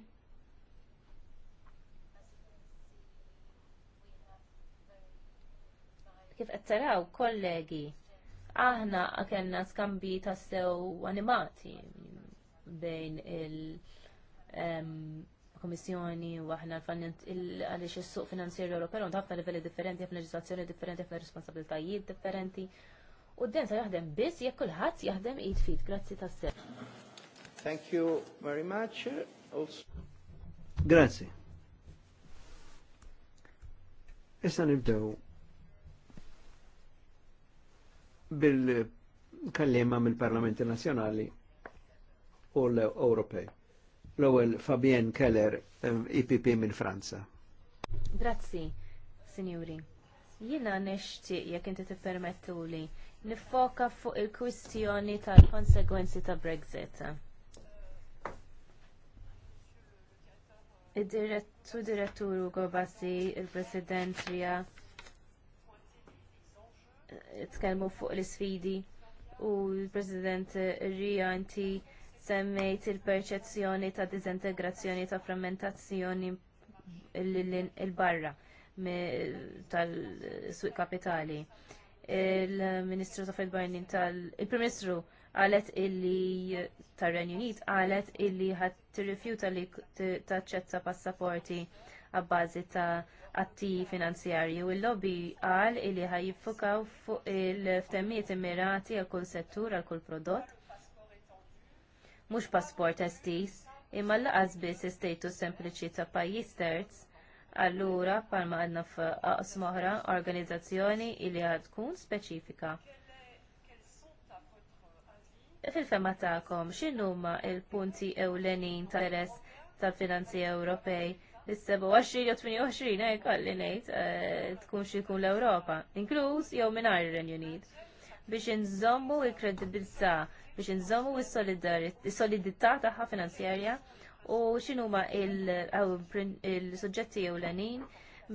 kif qed taraw kollegi, aħna kellna skambji ta' sew animati bejn il-Komissjoni u aħna għaliex is-suq finanzjerju Ewropew għandu ħafna livelli differenti, ħafna leġislazzjoni differenti, ħafna responsabiltajiet differenti. U d-den sa jaħdem biss jekk kulħadd jaħdem id fit. Grazzi tas-sew. Thank you very much. Grazzi. Grazie. Issa nibdew bil-kallima mill-Parlamenti Nazjonali u l-Ewropej. L-ewwel Fabien Keller, IPP e minn Franza. Grazzi, signori. Jiena nishti, jekk inti tippermettuli niffoka fuq il-kwistjoni tal-konsegwenzi ta' Brexit. Id-direttur direttur Ugo Bassi, il-President Ria, tkellmu fuq l-isfidi u l-President Rija inti semmejt il-perċezzjoni ta' dizintegrazzjoni ta' frammentazzjoni il-barra tal-suq kapitali. Il-Ministru ta' Barnin tal-Prim-Ministru għalet illi tar-Renju Unit għalet illi ħat tirrifjuta li taċċetta passaporti għabbażi ta' atti finanzjarji u l-lobby qal li ħaj fuq il-ftemmiet immirati għal kull settur għal kull prodott. Mhux pasport estis, imma laqas biss status sempliċi ta' pajjiż terz Allura, palma għadna f'aqs moħra, organizzazzjoni illi għad tkun speċifika. Fil-fema ta'kom, x'inhuma l punti ewlenin ta' res tal-finanzi Ewropej is-27 jew 28 hekk eh, kolli ngħid eh, tkun xi jkun l-Ewropa, inkluż jew mingħajr ir Unit. Biex inżommu l-kredibilità, biex inżommu s-solidità tagħha finanzjarja u x'inhuma il-suġġetti ewlenin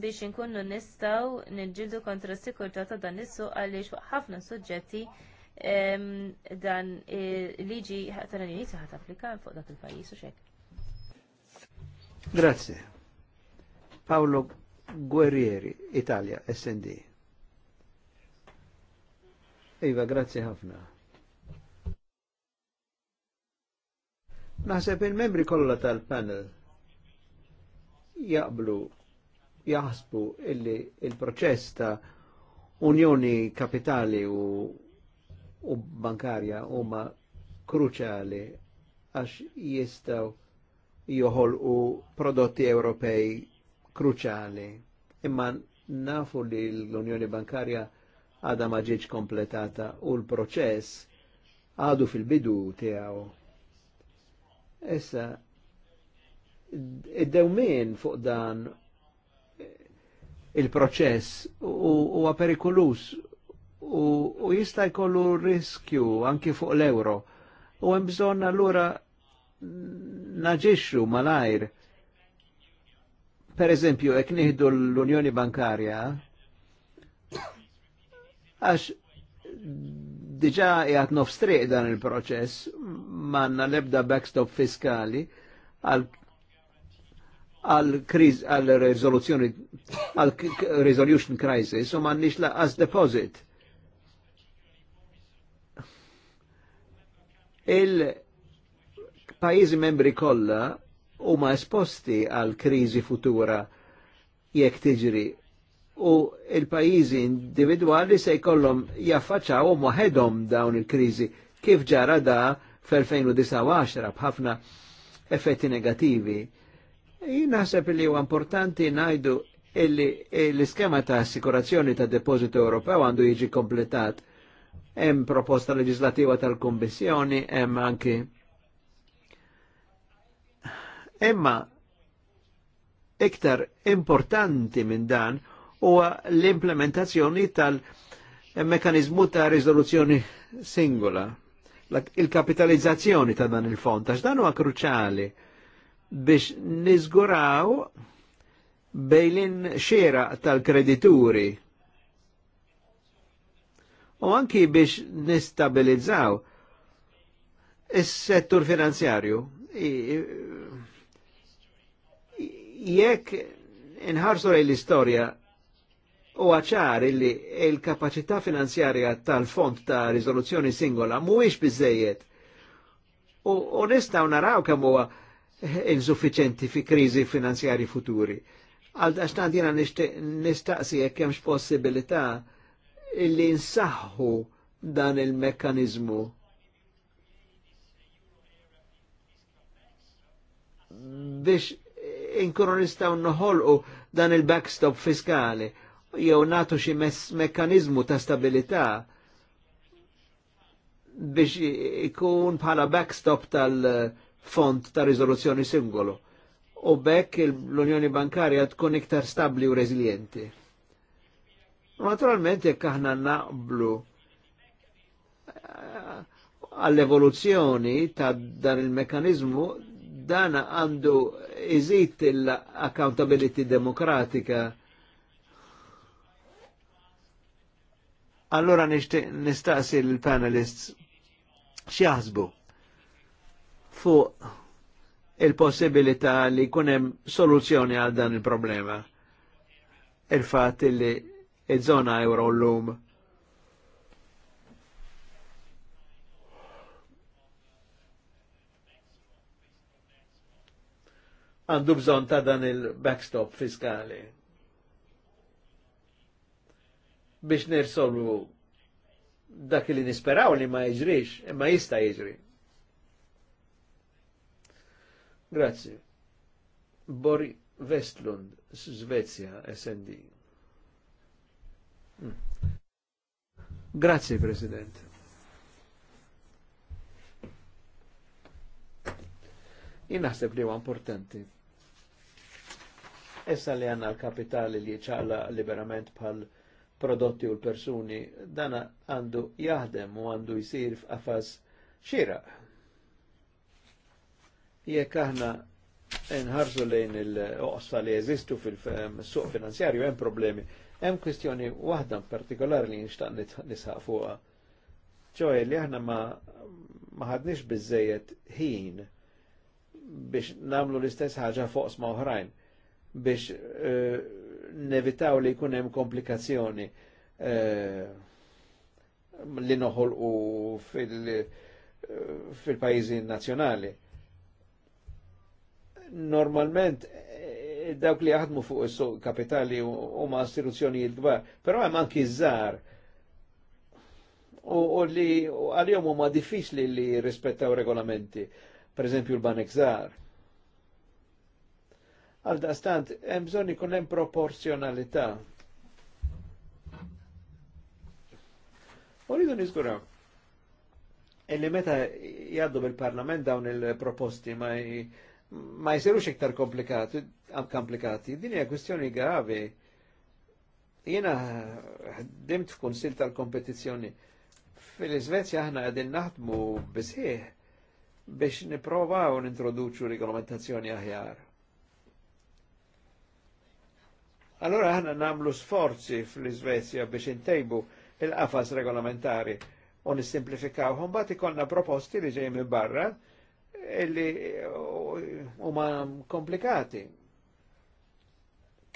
biex inkunu nistgħu niġġieldu kontra s-sikurtà ta' dan is-suq għaliex ħafna suġġetti ehm, dan liġi tal-Unjoni taħt applika fuq dak il-pajjiż u xek. Grazie. Paolo Guerrieri, Italia, SND. Iva, grazie ħafna. Naħseb il-membri kollha tal-panel jaqblu jaħsbu illi il-proċess ta' unjoni kapitali u, u bankarja huma kruċali għax jistgħu joħol u prodotti Ewropej kruċali. Imma nafu li l-Unjoni Bankarja għada ma ġiġ kompletata u l-proċess għadu fil-bidu tiegħu. Issa, id-dewmin fuq dan il-proċess u perikolus u u jista' jkollu riskju anki fuq l-euro. U hemm bżonn allura naġixxu malajr Per eżempju, jekk nieħdu l-Unjoni Bankarja, għax diġa jgħat nofstriq dan il-proċess, manna lebda backstop fiskali għal-kriz, għal għal-rezoluzzjoni, għal-resolution crisis, u mannix laqqas deposit. Il-pajizi membri kolla huma esposti għal kriżi futura jekk tiġri u il-pajjiżi individwali se jkollhom jaffaċċaw moħedhom dawn il-kriżi kif ġara da f 2019 b'ħafna effetti negativi. Naħseb li huwa importanti ngħidu l-iskema ta' assikurazzjoni ta' deposito Ewropew għandu jiġi kompletat. Hemm proposta leġislativa tal-Kommissjoni, hemm anki Imma iktar importanti minn dan huwa l-implementazzjoni tal-mekanizmu ta' riżoluzzjoni singola, il-kapitalizzazzjoni ta' dan il-fond, għax dan huwa kruċali biex nizguraw bejlin xera tal-kredituri u anki biex nistabilizzaw is-settur finanzjarju jekk inħarsu lej l-istorja u għacħar illi il-kapacità finanzjarja tal-fond ta' rizoluzzjoni singola mhuwiex biżejjed. U nistgħu naraw kemm huwa insuffiċenti fi kriżi finanzjari futuri. Għal għaxtant jena nistaqsi jekk hemmx possibilità illi nsaħħu dan il-mekkanizmu biex inkunu nistaw noħolqu dan il-backstop fiskali jew natu xi mekkanizmu ta' stabilità biex ikun bħala backstop tal-fond ta' riżoluzzjoni singolo. U bekk l-Unjoni Bankarja tkun iktar stabli u reżilienti. Naturalment jekk aħna naqblu eh, għall-evoluzzjoni ta' dan il-mekanizmu dan għandu iżid l-accountability demokratika. Allora nistaqsi l-panelists xjaħsbu fuq il-possibilità li kunem soluzzjoni għal dan il-problema. Il-fat li il-zona euro l-lum għandu bżon ta' dan il-backstop fiskali biex nirsolvu dak li nisperaw li ma jġrix, imma jista jġri. Grazzi. Bori Vestlund, Svezia, SND. Hm. Grazzi, President. li huwa importanti issa li għanna l-kapitali li ċala liberament bħal prodotti u l-persuni, dana għandu jaħdem u għandu jisir f'qafas xira. Jekk aħna nħarsu lejn il-oqsa li jeżistu fil-suq finanzjarju, hemm problemi. Hemm kwistjoni waħda partikolari li nixtaq nisħaq fuqha. ċoħe li aħna ma ħadniex bizzejet ħin biex namlu l-istess ħaġa fuq ma oħrajn biex eh, nevitaw li jkun hemm komplikazzjoni eh, li noħol u eh, fil-pajizi nazjonali. Normalment, dawk li jaħdmu fuq is-suq kapitali huma istituzzjonijiet kbar, però hemm anki zzar u li għal-jom huma diffiċli li rispettaw regolamenti, per eżempju l-banek zzar. Għal dastant, hemm bżonn ikun hemm proporzjonalità. U rridu niżguraw. Illi meta jgħaddu bil-Parlament dawn il-proposti ma ma jsirux iktar komplikati, komplikati. Din hija kwistjoni gravi. Jiena ħdimt f'kunsil tal-kompetizzjoni. Fil-Iżvezja aħna qegħdin naħdmu bisħieħ biex niprovaw nintroduċu regolamentazzjoni aħjar. Allora ħana namlu sforzi fl-Svezja biex intejbu il-qafas regolamentari u nissimplifikaw. Mbagħad ikollna proposti li ġejmi barra illi huma komplikati.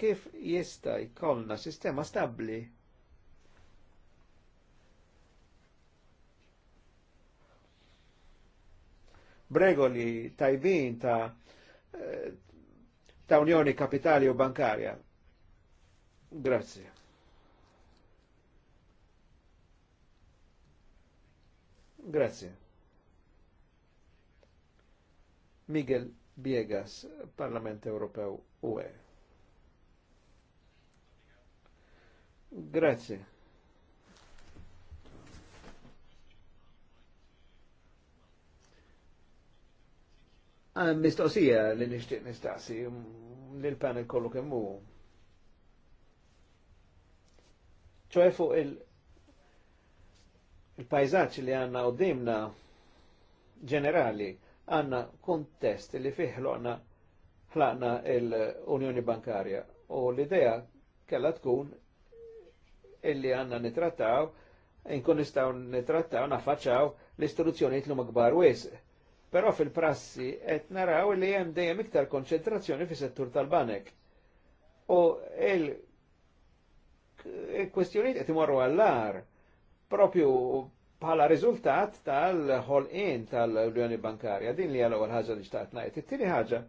Kif jista' jkollna sistema stabbli bregoli tajbin ta' eh, ta' unjoni kapitali u bankarja Grazie. Grazie. Miguel Biegas, Parlamento Europeo UE. Grazie. Ah, mistoqsija li nixtieq nistaqsi mm, l panel kollu kemmu ċoħe fuq il-pajzaċ il li għanna u dimna ġenerali għanna kontest li fiħ ħloqna ħlaqna l-Unjoni Bankarja u l-idea kella tkun illi għanna nitrattaw, inkun nistaw nitrattaw, nafaċaw l-istruzzjoni jitlu magbar wis. Pero fil-prassi qed naraw li hemm dejjem iktar konċentrazzjoni fis settur tal-banek. U il kwestjoniet qed imorru għallar propju bħala riżultat tal-ħolqien tal-Unjoni Bankarja. Din li għal ewwel ħaġa li xtaqt ngħid. It-tieni ħaġa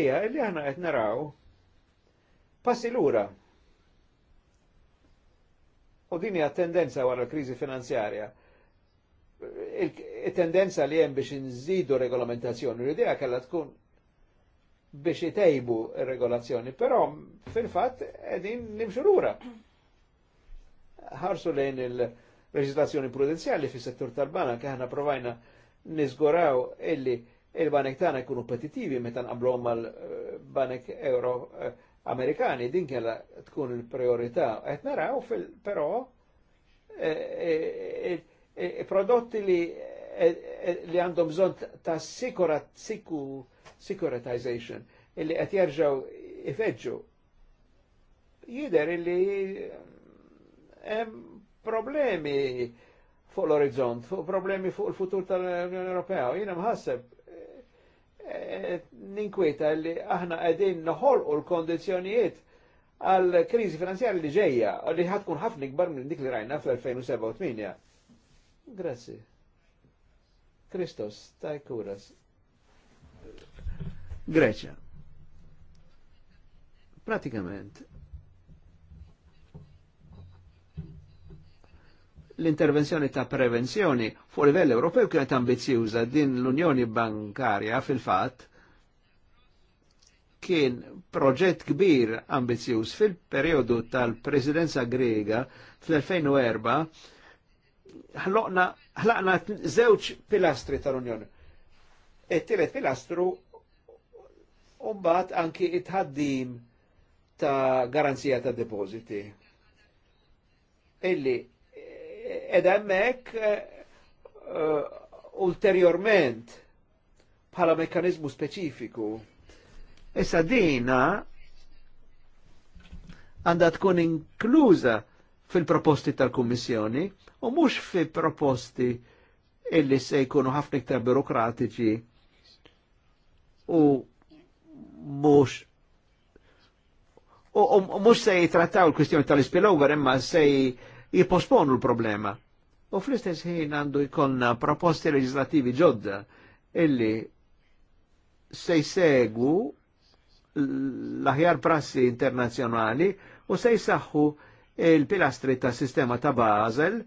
hija li aħna qed naraw passi lura. U din hija tendenza wara l-kriżi finanzjarja il-tendenza li hemm biex inżidu regolamentazzjoni, l-idea kella tkun biex jitejbu regolazzjoni, però fil-fat edin nimxu lura. Ħarsu lejn il-reġislazzjoni prudenzjali fi settur tal-bana kħana provajna nizguraw illi il-banek tana jkunu petitivi metan nqablhom mal-banek euro eh, Amerikani din kella tkun il-priorità. Qed naraw fil-però i eh, eh, prodotti li li għandhom bżon ta' sikura sikura, securitization illi qed jerġgħu ifeġġu. Jider illi eh, hemm problemi fuq l-orizzont, fuq problemi fuq il-futur tal-Unjoni Ewropea. Jiena mħasseb eh, ninkwita li aħna qegħdin noħolqu l-kondizzjonijiet għal kriżi finanzjarja li ġejja, u li ħatkun ħafna ikbar minn dik li rajna fl-2007 u Grazzi. Kristos, taj kuras. Greċja. Pratikament, l-intervenzjoni ta' prevenzjoni fuq livell Ewropew kienet ambizjuża din l-Unjoni Bankarja fil-fatt kien proġett kbir ambizjuż fil-periodu tal-Presidenza Grega fl-2004 ħloqna ħlaqna żewġ pilastri tal-Unjoni. E tielet pilastru u mbagħad anki itħaddim ta' garanzija ta' depositi. Illi ed hemmhekk uh, eh, ulterjorment bħala mekkanizmu speċifiku. Issa dina għandha tkun inkluża fil-proposti tal-Kummissjoni u mhux fi proposti illi se jkunu ħafna iktar burokratiċi u mux u mux se jitrattaw il-kwistjoni tal-spillover imma se jiposponu l-problema. U fl-istess ħin għandu jkollna proposti leġislativi ġodda illi se jsegu l-aħjar prassi internazjonali u se jisaxħu il-pilastri ta' sistema ta' Basel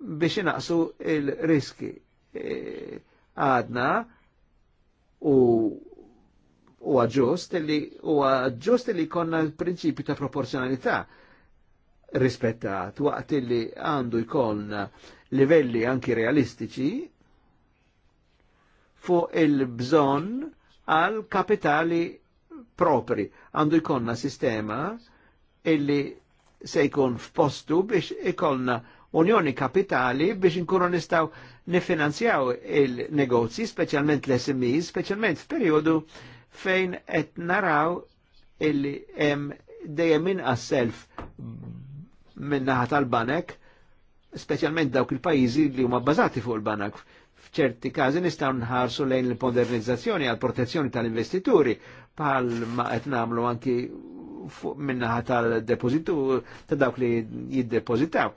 biex inaqsu il-riski. E, għadna u huwa ġust li huwa ġust li konna l-prinċipju ta' proporzjonalità rispettat waqt li għandu jkun livelli anki realistiċi fuq il-bżon għal kapitali propri. Għandu jkonna sistema illi se jkun f'postu biex ikonna unjoni kapitali biex nkunu nistaw nifinanzjaw il-negozji, specialment l-SMI, specialment f'periodu periodu fejn qed naraw illi hemm dejjem inqas self minnaħa tal-banek, speċjalment dawk il-pajjiżi li huma bbażati fuq il-banek. F'ċerti każi nistgħu nħarsu lejn il-modernizzazzjoni għal protezzjoni tal-investituri bħal ma qed nagħmlu anki minnaħa tal-depozitu ta' dawk li jiddepozitaw.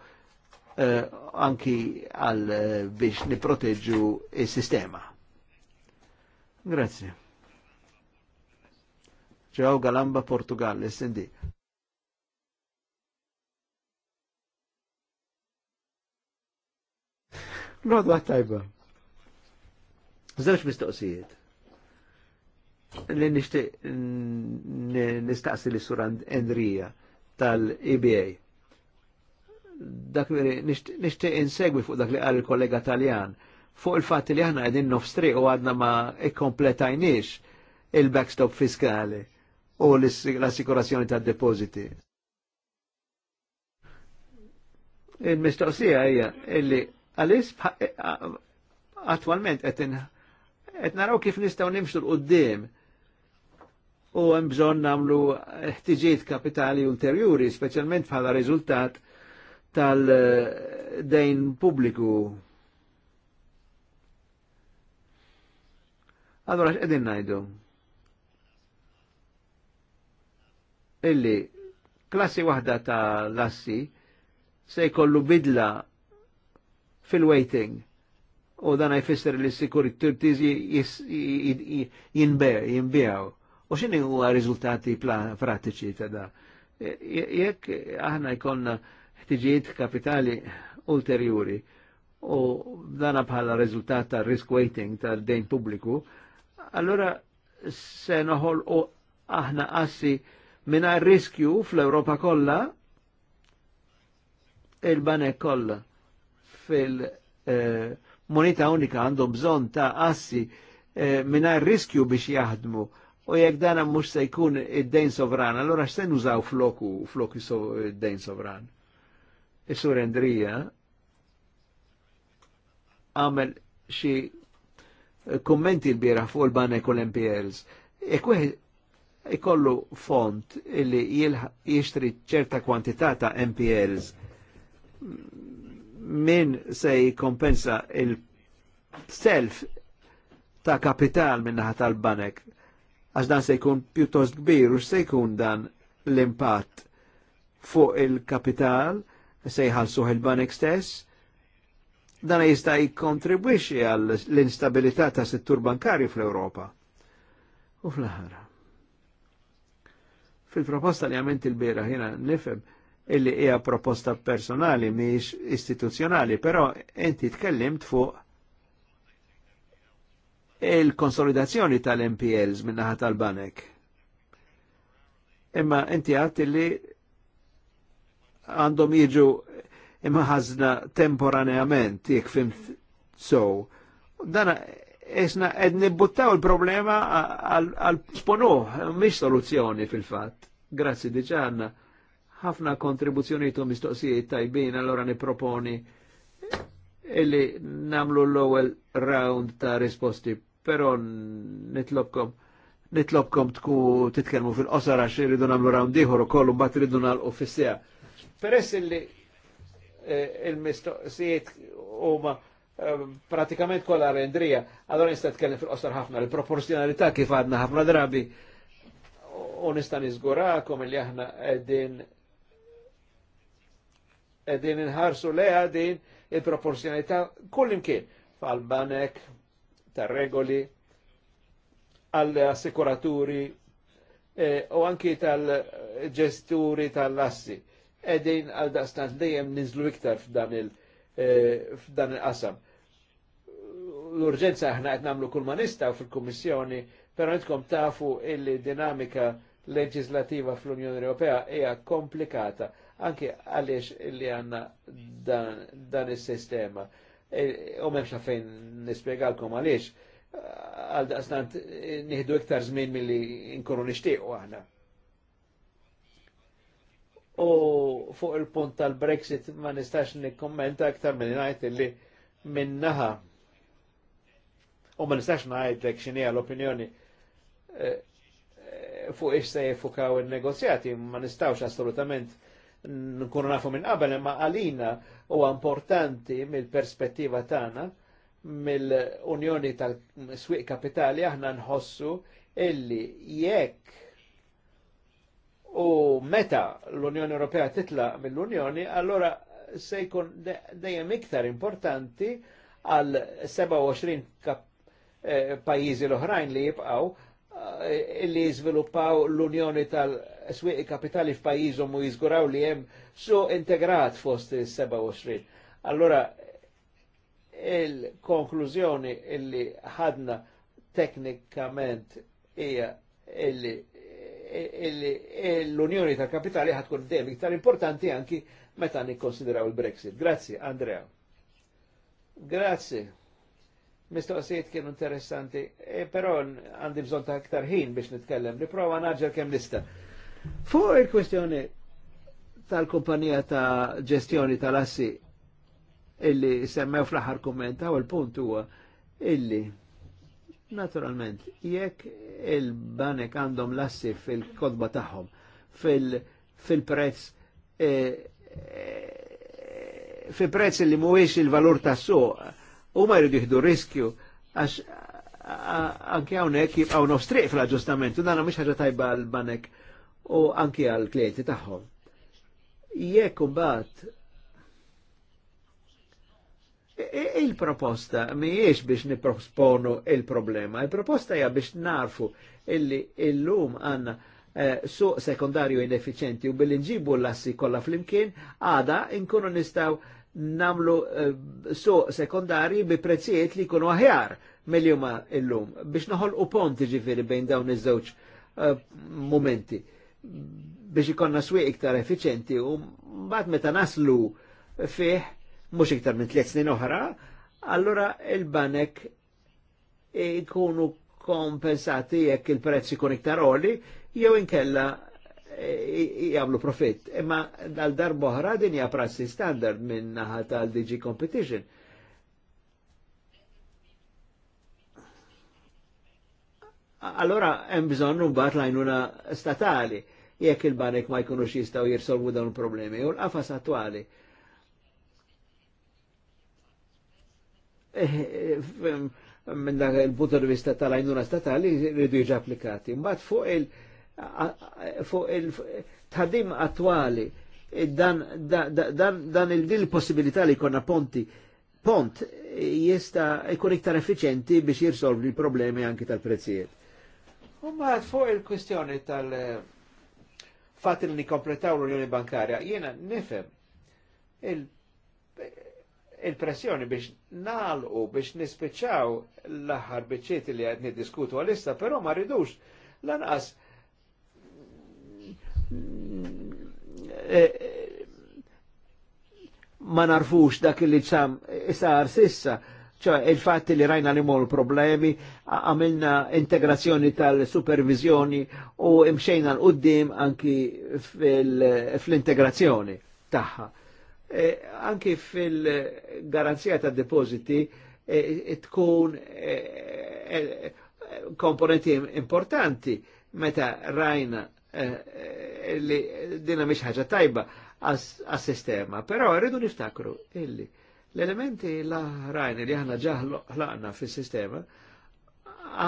Eh, anki għal biex niproteġu il-sistema. Grazie ġew Galamba Portugal, l-SND. Nodwa tajba. Zewġ mistoqsijiet. Li nishtiq nistaqsi li surand Enrija tal-EBA. Dak nishti insegwi fuq dak li qal il-kollega Taljan fuq il fat li aħna qegħdin nofstri u għadna ma ikkompletajniex il-backstop fiskali u l-assikurazzjoni tad depositi. Il-mistoqsija hija illi għalis e- attualment qed naraw kif nistgħu nimxu l qudiem u hemm bżonn nagħmlu ħtiġijiet kapitali ulterjuri, speċjalment bħala riżultat tal-dejn pubbliku. Allora x'qegħdin ngħidu? illi klassi wahda ta' lassi se jkollu bidla fil-waiting u dan jfisser li s-sekuritiz sikur jinbijaw. U xini huwa rizultati pratiċi ta' da? Jekk aħna jkollna ħtiġijiet kapitali ulterjuri u dana bħala rizultat ta' risk weighting tal-dejn publiku, allora se noħol u aħna assi minna riskju fl-Europa kolla il-banek kolla fil-moneta eh, unika għandu bżon ta' assi eh, minna riskju biex jaħdmu u jek dana mux se jkun id-dejn sovran, allora xsen użaw floku floku id-dejn sovran. Is-sur Andrija għamel xie eh, kommenti l-bira fuq il-banek u l-MPLs ikollu font illi jixtri ċerta kwantità ta' MPLs min se jikompensa il-self ta' kapital minnaħat tal-banek. Għax dan se jkun pjuttost kbir u se jkun dan l-impatt fuq il-kapital se jħalsuħ il-banek stess. Dan jista' jikkontribwixxi għall instabilità ta' settur bankarju fl-Ewropa. U fl ħara Fil-proposta li għamenti il-bira jina nifem illi hija proposta personali miex istituzzjonali, però enti tkellimt fuq il-konsolidazzjoni tal-MPLs minnaħat tal-banek. Imma enti għat li għandhom jiġu imma ħazna temporaneament, jek fimt so. Dana esna ed nibbuttaw il-problema għal sponu, mis soluzzjoni fil-fat. Grazzi diċanna. Ħafna kontribuzzjoni tu mistoqsijiet tajbin, allora niproponi illi namlu l-ewwel round ta' risposti, però nitlobkom nitlobkom tku titkellmu fil-qosar għax irridu namlu round u kollu mbagħad irridu nagħlqu fis Peress illi eh, il-mistoqsijiet huma pratikament kolla rendrija. għadon nista' tkellem fil-qosor ħafna l-proporzjonalità kif għadna ħafna drabi u nista' niżgurakom li aħna għedin għedin nħarsu le għedin il-proporzjonalità kull imkien fal-banek tal regoli għall-assikuraturi e, u anki tal-ġesturi tal-assi. għedin għal daqstant dejjem nizlu iktar f'dan il- Eh, f'dan il-qasam. L-urġenza aħna qed nagħmlu kull ma fil-Kummissjoni, però nitkom tafu illi dinamika leġislativa fl-Unjoni Ewropea hija komplikata anke għaliex illi għanna dan, dan is-sistema. E, u memx fejn nispjegalkom għaliex għal daqstant eh, nieħdu iktar żmien milli nkunu nixtiequ aħna. U fuq il-punt tal-Brexit ma nistax nikkommenta aktar minn najt li minnaħa u ma nistax ngħidlek x'inhi l-opinjoni eh, eh, fuq ix se jiffukaw il-negozjati, ma nistax assolutament nkunu nafu minn qabel, imma għalina u importanti mill-perspettiva tagħna mill-Unjoni tal-Swiq Kapitali aħna nħossu illi jekk U meta l-Unjoni Ewropea titla mill-Unjoni, allora se jkun dejjem iktar importanti għal 27 eh, pajjiżi l-oħrajn li jibqaw eh, illi jizviluppaw l-Unjoni tal-Swiq Kapitali f'pajjiżhom u jiżguraw li hemm su integrat fost is-27. Allora il-konklużjoni illi ħadna teknikament hija illi l-Unjoni tal-Kapitali ħatkun dejjem iktar importanti anki meta nikkonsideraw il-Brexit. Grazzi, Andrea. Grazzi. Mistoqsijiet kienu interessanti, e, però għandi bżon ta' aktar ħin biex nitkellem, niprofa naġġel kemm nista. Fuq il-kwestjoni tal-kumpanija ta' ġestjoni tal-assi illi semmew fl-aħħar kummenta u l-punt huwa illi Naturalment, jekk il-banek għandhom lassi fil-kodba tagħhom fil-prezz eh, eh, fil prezz li mhuwiex il-valur tas-suq, huma jridu jihdu riskju għax anke hawnhekk jibqgħu nostriq fl-aġġustament, u dan għamix ħagġa tajba għall-banek u anke għall-klijenti tagħhom. Jekk bat Il-proposta miex biex niprosponu il-problema, il-proposta hija biex narfu illi illum għanna eh, su sekundarju inefficienti u billi nġibu l-assi kolla fl-imkien, għada inkunu nistaw namlu eh, su sekundarji bi prezzijiet li kunu aħjar mill-juma illum biex noħol u ponti ġifiri bejn dawn iż-żewġ eh, momenti biex ikonna swieq iktar effiċenti u mbagħad meta naslu fih mhux iktar minn tliet snin oħra, allura il-banek ikunu kompensati jekk il-prezz ikun iktar oli, jew inkella e, jagħmlu profitt. Imma dal darboħra din hija prassi standard minn naħa tal-DG Competition. Allora hemm bżonn mbagħad lajnuna statali jekk il-banek ma jkunux jistgħu jirsolvu dawn il-problemi. U l-qafas attwali Eh, minn dak il-punto di vista tal-għajnuna statali rridu jiġu applikati. Mbagħad fuq il fuq il-tħadim attwali dan, dan, dan il-din possibilità li konna ponti pont jista jkun iktar effiċenti biex jirsolvi l-problemi anki tal-prezzijiet. U mbagħad fuq il-kwestjoni tal- fatt li nikompletaw l-Unjoni Bankarja, jiena il il-pressjoni biex nalqu biex nispiċċaw l-aħħar biċċiet li qed niddiskutu għalissa, però ma rridux lanqas eh, eh, ma narfux dak li ċam isar sissa, ċo, il-fat li rajna li mol problemi, għamilna integrazzjoni tal-supervizjoni u imxejna l-qoddim anki fil-integrazzjoni taħħa. Eh, anki fil-garanzija ta' depositi eh, tkun eh, komponenti importanti meta rajna li dina miex ħaġa tajba għas-sistema, Pero rridu niftakru illi l-elementi l-ħrajn li aħna ġaħlaqna fis-sistema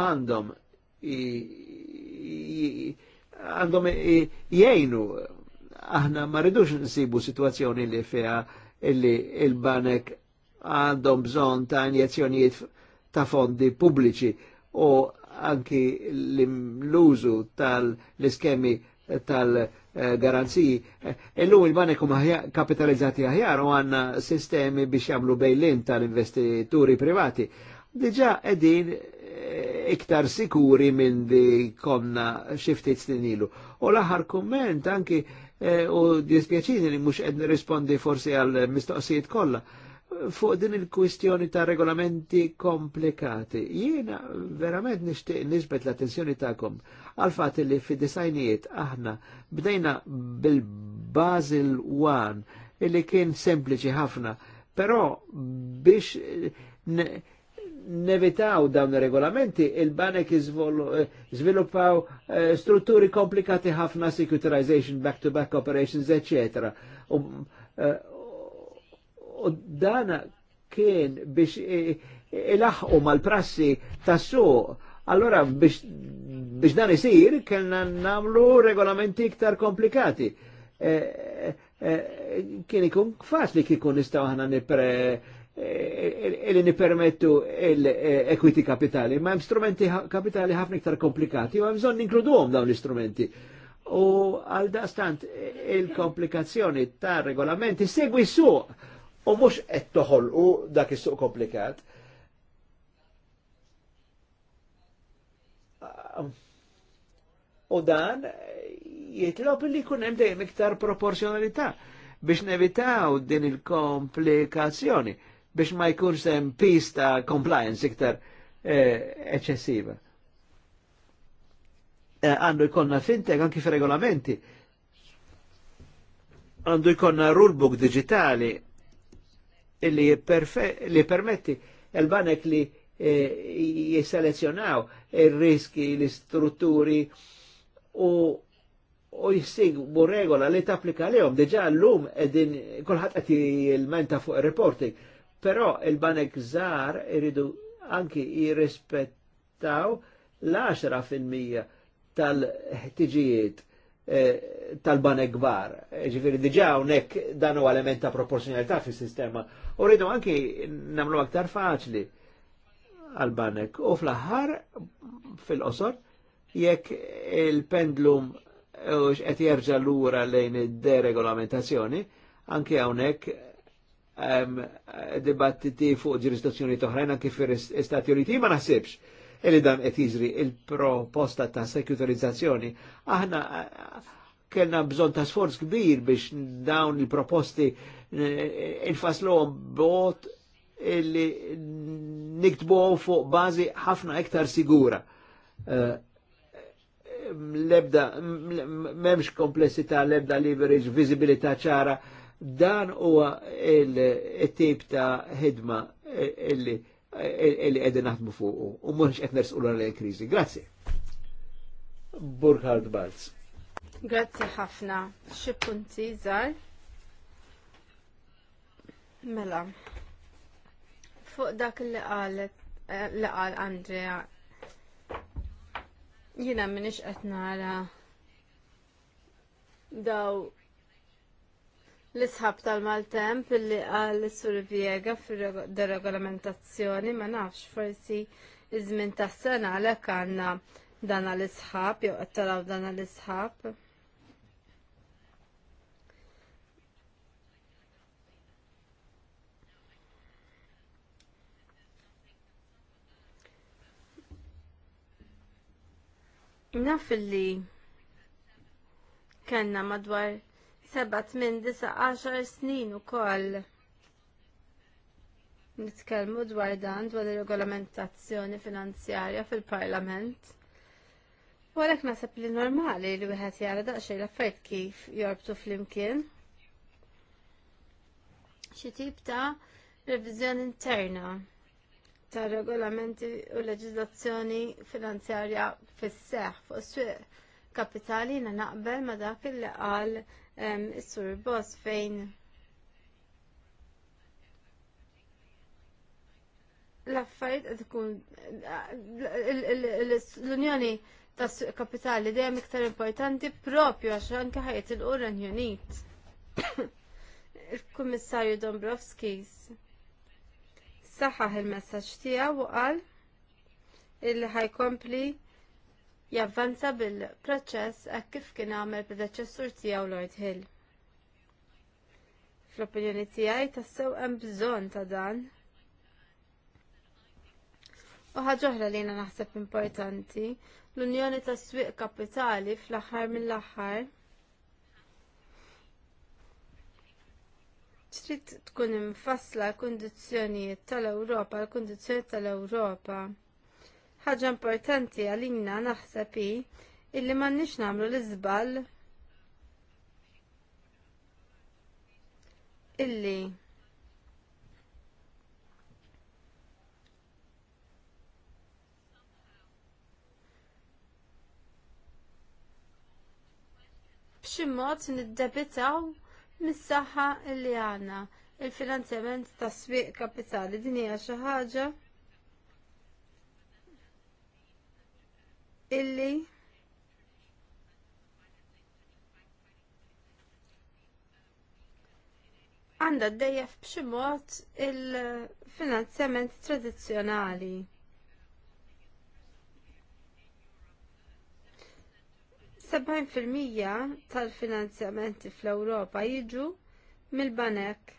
għandhom għandhom jgħinu aħna ma rridux nsibu situazzjoni li fija illi il-banek għandhom bżon ta' injezzjonijiet ta' fondi pubbliċi u anki l-użu tal-iskemi tal-garanziji. Illum il-banek huma kapitalizzati aħjar u għanna sistemi biex jagħmlu bejlin tal-investituri privati. Diġà qegħdin eh, iktar sikuri minn di konna xiftit snin ilu. U l-aħħar kumment anki E, u dispjaċini li mhux qed nirrispondi forsi għal mistoqsijiet kollha fuq din il-kwistjoni ta' regolamenti komplikati. Jiena verament nixtieq nisbet l-attenzjoni tagħkom għal fat li fid-disajnijiet aħna bdejna bil basil 1 illi kien sempliċi ħafna, però biex nevitaw dawn regolamenti, il-banek izviluppaw eh, eh, strutturi komplikati ħafna securitization, back-to-back -back operations, etc. Um, eh, u uh, uh, dana kien biex eh, axqu mal-prassi tassu, allora biex, biex dan isir kellna namlu regolamenti iktar komplikati. Eh, eh, eh kien ikun faċli kikun istaw ħana nipre li nipermettu l-equity kapitali, ma' strumenti kapitali ħafna iktar komplikati, ma' bżon ninkluduhom dawn l-istrumenti. U għal stant il-komplikazzjoni ta' regolamenti segwi suq u mux qed toħolqu dak is-suq komplikat. U dan jitlob li kun hemm dejjem iktar proporzjonalità biex nevitaw din il-komplikazzjoni biex ma jkunx sem hemm ta' compliance iktar eh, eċessiva. Eh, għandu jkonna fintech anki fi regolamenti Għandu jkonna rulebook digitali illi li permetti il-banek li eh, jiselezzjonaw il-riski, l-istrutturi u u jissig bu regola li tapplika l-lum edin kolħat għati il-menta fuq il reporting Però il-banek żgħar iridu anki jirrispettaw l-10% tal-ħtiġijiet eh, tal-banek gbar. Ġifiri, diġa unek dan u element ta' proporzjonalità fis sistema U rridu anki namlu aktar faċli għal-banek. U fl-ħar, fil-qosor, jekk il-pendlum eh, qed jerġa' lura lejn id-deregolamentazzjoni, anke hawnhekk Eh, dibattiti fuq ġurisdizzjoni toħrajn anke fir-Istati Uniti, ma naħsibx illi dan qed jiżri il-proposta ta' sekutarizzazzjoni. Aħna eh, kellna bżonn ta' sforz kbir biex dawn il-proposti eh, infasluhom bot illi niktbuhom fuq bażi ħafna iktar sigura. Lebda, memx komplessità, lebda leverage, viżibilità ċara, Dan huwa il-tip ta' ħidma eh, eh, illi qegħdin naħdmu fuq u mhux qed nersqu l l-kriżi. Grazzi. Burkhard Balz. Grazzi ħafna. Xi punti żgħar? Mela. Fuq dak li qalet eh, li qal Andrea jiena minix qed nara daw l-isħab tal-maltemp li għal sur Viega fil-deregolamentazzjoni ma nafx forsi iż-żmien tas-sena għalhekk għandna dan l-isħab jew qed taraw dan l-isħab. Naf li kanna madwar Seba't minn disa' għaxar snin ukoll. Nitkellmu dwar dan dwar ir-regolamentazzjoni finanzjarja fil-Parlament. U għalhekk naħseb li normali li wieħed jara daqsxejn l kif jorbtu flimkien. Xi tip ta' reviżjoni interna ta' regolamenti u leġislazzjoni finanzjarja fis-seħħ fuq is kapitali na naqbel ma dak li qal is-sur boss fejn l-affarijiet qed tkun l-Unjoni tas suq kapitali dejjem iktar importanti propju għax anke ħajt il Unit. Il-Kummissarju Dombrovskis saħħaħ il-messaġġ tiegħu u qal il ħajkompli javvanza bil-proċess għak kif kien għamel predeċessur tiegħu Lord Hill. Fl-opinjoni tiegħi tassew hemm bżonn ta' dan. U oħra li naħseb importanti, l-Unjoni ta' Swieq Kapitali fl-aħħar mill-aħħar trid tkun infassla l-kundizzjonijiet tal-Ewropa, l-kundizzjonijiet tal-Ewropa. tal ewropa l kundizzjonijiet tal ewropa tal kundizzjonijiet tal ewropa ħaġa importanti għalina naħseb hi illi m'għandniex nagħmlu l-iżball illi b'xi mod niddebitaw mis-saħħa li għandna il-finanzjament tas swieq kapitali din hija xi ħaġa illi għanda d-dejjef bximot il-finanzjament tradizjonali. fil-mija tal-finanzjamenti fl-Ewropa jiġu mill-banek.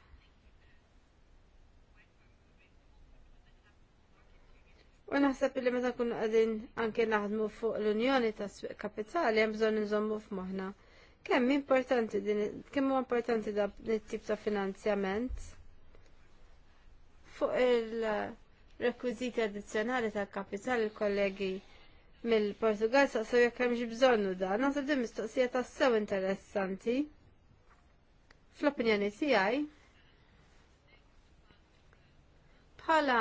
U naħseb li meta kunu għadin anke naħdmu fuq l-Unjoni ta' Swiq Kapitali hemm bżonn nżommu f'moħħna. Kemm importanti din kemm huwa importanti da tip ta' finanzjament fuq il-rekwiżiti addizzjonali ta' kapitali il-kollegi mill-Portugal saqsew jekk hemm bżonnu da. Naħseb din mistoqsija ta' sew interessanti. Fl-opinjoni tiegħi bħala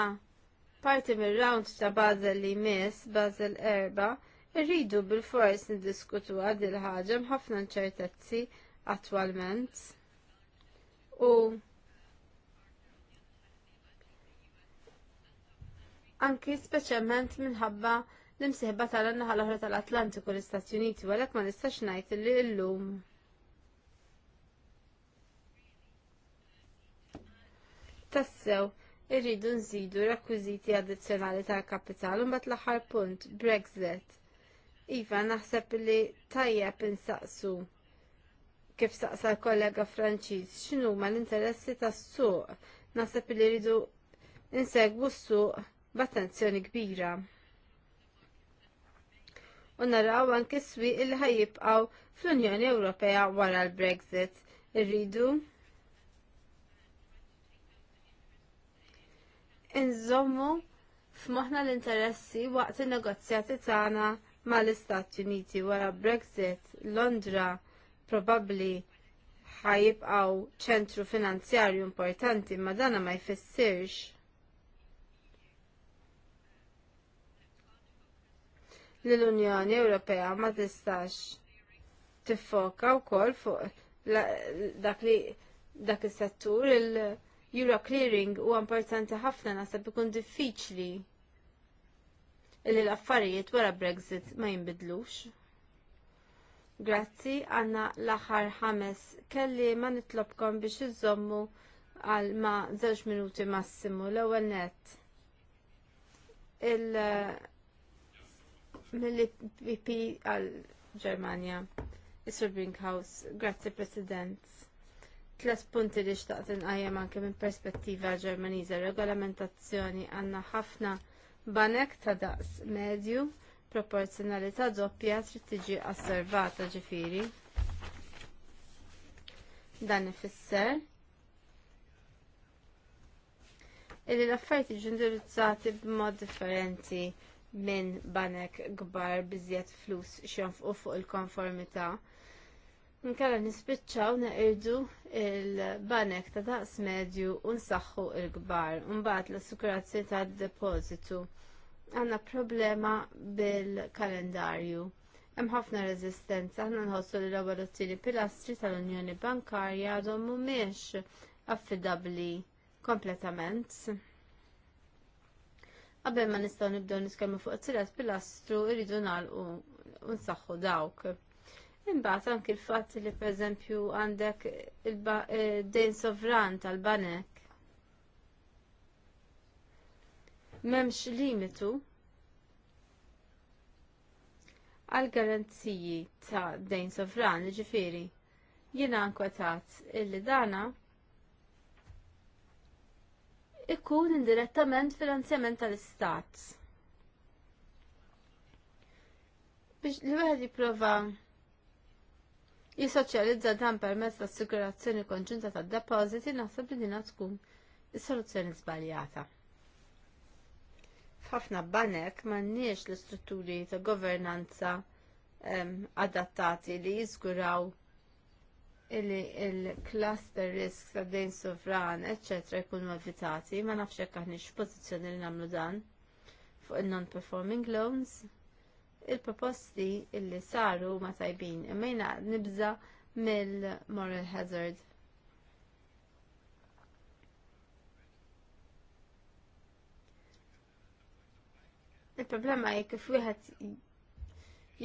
parti mir-round ta' Basel li mis, Basel erba, irridu bil-fors niddiskutu għad il-ħagġa ħafna nċertezzi attwalment. U anki speċjalment minħabba l-imsieħba tal-annaħa l-oħra tal-Atlantiku l-Istati Uniti, għalhekk ma nistax ngħid li llum. Tassew, irridu nżidu rekwiżiti addizzjonali tal-kapital u mbagħad l-aħħar punt Brexit. Iva naħseb li tajjeb insaqsu kif saqsa l-kollega Franċiż x'inhu ma l-interessi tas-suq. Naħseb li rridu insegwu s-suq b'attenzjoni kbira u naraw anki s-swieq li ħajjibqgħu fl-Unjoni Ewropea wara l-Brexit. Irridu inżommu f'moħħna l-interessi waqt in-negozjati tagħna mal-Istati Uniti wara Brexit, Londra probabbli ħajibqaw ċentru finanzjarju importanti ma dana ma jfissirx l-Unjoni Ewropea ma tistax tiffoka wkoll fuq dak li dak is-settur il- Euro clearing huwa importanti ħafna naħseb ikun diffiċli illi l-affarijiet wara Brexit ma jinbidlux. Grazzi għanna l-aħħar ħames kelli ma nitlobkom biex iżommu għal ma żewġ minuti massimu l-ewwel net. Il mill-IP għal Ġermanja. Isra Brinkhaus, grazzi President. Tlet punti li xtaqt inqajjem anke minn perspettiva Ġermaniża regolamentazzjoni għandna ħafna banek ta' daqs medju, proporzjonalità doppja trid tiġi osservata ġifieri. Dan ifisser illi l-affarijiet jiġu indirizzati b'mod differenti minn banek kbar biżjed flus xjonfqu fuq il-konformità Nkalla nispiċċaw neqirdu il-banek ta' daqs medju u nsaħħu l kbar u mbagħad l-assikurazzi tad depożitu Għanna problema bil-kalendarju. Hemm ħafna reżistenza aħna nħossu li l-ewwel u pilastri tal-Unjoni Bankarja għadhom mhumiex affidabbli kompletament. Qabel ma nistgħu nibdew niskellmu fuq it-tielet pilastru jridu nagħlqu u nsaħħu dawk. Imbagħad anki l-fatt li pereżempju għandek il-dejn sovran tal-banek. M'hemmx limitu għal garanziji ta' dejn sovran, ġifiri. Jiena nkwetat illi dana ikkun indirettament finanzjament tal-istat. Biex li wieħed jipprova jissoċjalizza dan permezz l-assigurazzjoni konġunta tad depożiti naħseb li dinha tkun is-soluzzjoni żbaljata. F'ħafna banek m'għandniex l-istrutturi ta' governanza adattati li jiżguraw il-cluster risk ta' dejn sovran, eċetera jkunu evitati, ma nafx hekk aħniex pożizzjoni li nagħmlu dan fuq il-non-performing loans il-proposti illi saru ma tajbin imma nibża mill-moral hazard. Il-problema jekk kif wieħed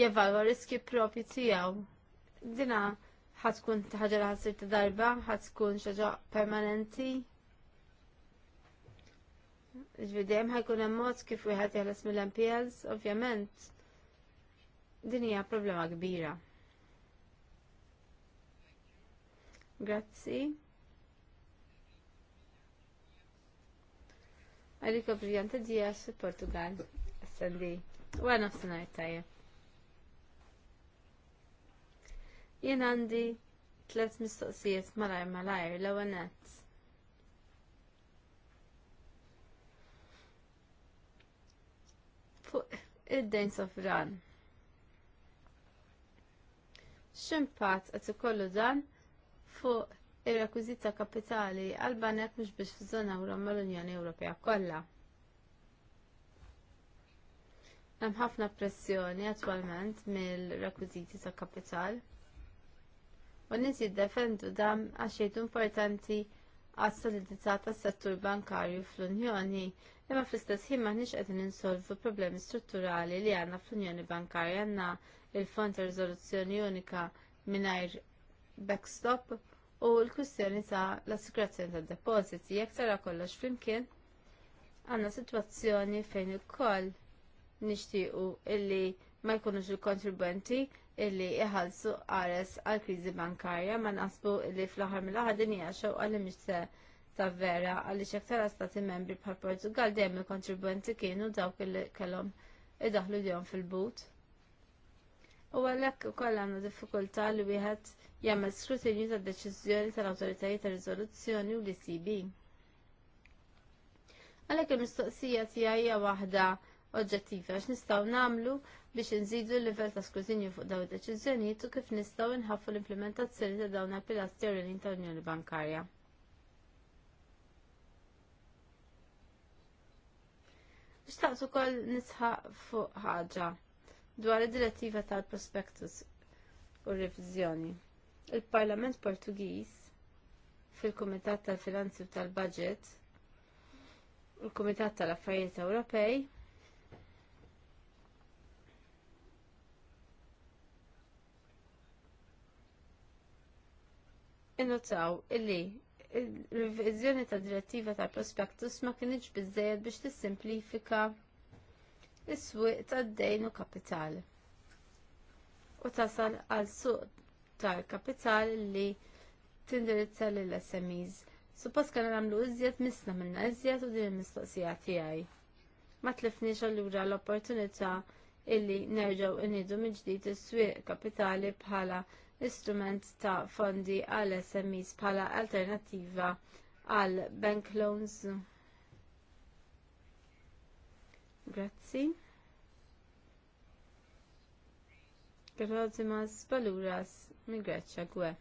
jevalwa riski propju tiegħu. Dina ħatkun ħaġa li ħassir ta' darba, ħatkun xaġa permanenti. Ġvidem ħajkun hemm mod kif wieħed jeħles mill-MPLs, ovvjament Din hija problema kbira. Grazzi. Għaliko briljanta dijas Portugal. Sandi. għana f sanaj tajja. Jien għandi tlet mistoqsijiet malajr malajr l-għanet. Fuq id-dejn sofran ximpat qed ikollu dan fuq ir-rekwiżit ta' kapitali għal banek mhux biex fiż-żona euro mal-Unjoni Ewropea kollha. Hemm ħafna pressjoni attwalment mill-rekwiżiti ta' kapital. U nies jiddefendu dan għax jgħidu importanti għas solidità tas-settur bankarju fl-Unjoni, imma fl-istess ħin maħniex qed ninsolvu problemi strutturali li għandna fl-Unjoni Bankarja għandna il-Fond ta' Riżoluzzjoni Unika mingħajr backstop u l-kwistjoni ta' l-assikurazzjoni tad depożiti jekk tara kollox flimkien għandna sitwazzjoni fejn ukoll nixtiequ illi ma jkunux il-kontribwenti illi iħallsu għares għal kriżi bankarja ma naħsbu illi fl-aħħar mill-aħħar din hija xewqa li mhix se tavvera għaliex aktar stati membri bħal Portugal dejjem il-kontribwenti kienu dawk illi kellhom idaħlu dejhom fil-but. U għalhekk ukoll għandna diffikultà li wieħed jagħmel skrutinju tad-deċiżjoni tal-awtoritajiet ta' riżoluzzjoni u l-ICB. Għalhekk il-mistoqsija tiegħi hija waħda oġġettivi għax nistgħu nagħmlu biex inżidu l-livell ta' skrutinju fuq dawn id-deċiżjonijiet u kif nistgħu nħaffu l-implementazzjoni ta' dawn il-pilastri ewlenin tal Unjoni Bankarja. Ixtaqt ukoll nisħaq fuq ħaġa dwar id-direttiva tal-prospektus u revizjoni. Il-Parlament Portugiż fil-Kumitat tal-Finanzi u tal-Budget u l-Kumitat tal-Affarijiet Ewropej innotaw illi il-revizjoni ta' direttiva ta' prospektus ma kinitx biżżejjed biex tissimplifika is-swieq tad-dejn u kapital. U tasal għal suq tal-kapital li tindirizza lill SMEs. Suppost kan nagħmlu iżjed misna minna iżjed u din il-mistoqsija tiegħi. Ma tlifniex allura l-opportunità illi nerġgħu inhidu minn ġdid is-swieq kapitali bħala istrument ta' fondi għal SMEs bħala alternattiva għal bank loans. Grazzi. Gerodimas Baluras minn Greċċa Gwe.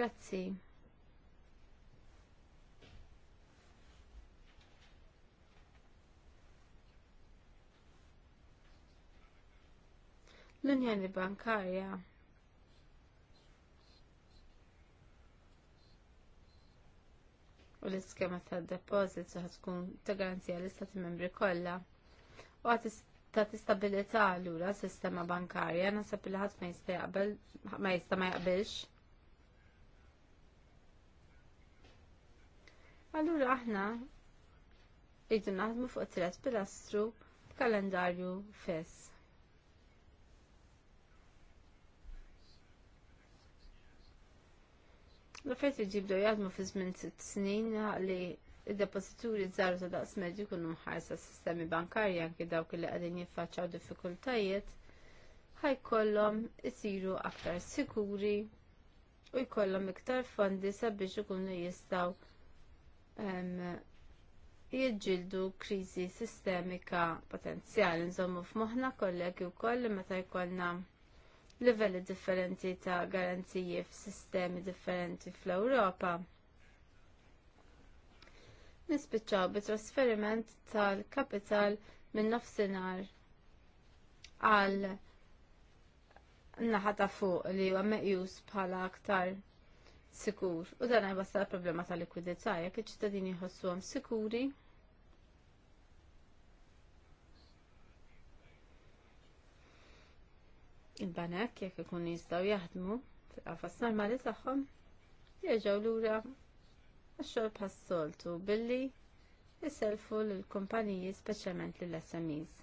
Grazzi. l-Unjoni Bankarja. U l-iskema tad deposit saħ tkun ta' garanzija l-istati membri kollha. U għat ta' tistabilità l s sistema bankarja nasab li ħadd ma jista' ma jaqbilx. Allura aħna idu naħdmu fuq tret pilastru kalendarju fess. L-affarijiet iġib bdew fi żmien sitt snin li id-depozituri żgħar ta' daqs medju kunu mħarsa s-sistemi bankarji anke dawk li qegħdin jiffaċċaw diffikultajiet ħajkollhom isiru aktar sikuri u jkollhom iktar fondi sabiex ikunu jistgħu jiġġieldu kriżi sistemika potenzjali nżommu f'moħħna kollegi wkoll meta jkollna livelli differenti ta' garanziji f'sistemi differenti fl-Ewropa. Nispiċċaw bit-trasferiment tal-kapital minn nofsinhar għal naħa ta' fuq li huwa meqjus bħala aktar sikur. U dan għajbassa problema ta' likwidità jekk iċ-ċittadini jħossuhom sikuri il-banek jekk ikun jistgħu jaħdmu fil-qafas normali tagħhom jerġgħu lura għax-xogħol bħas-soltu billi jiselfu lill-kumpaniji speċjalment lill-SMEs.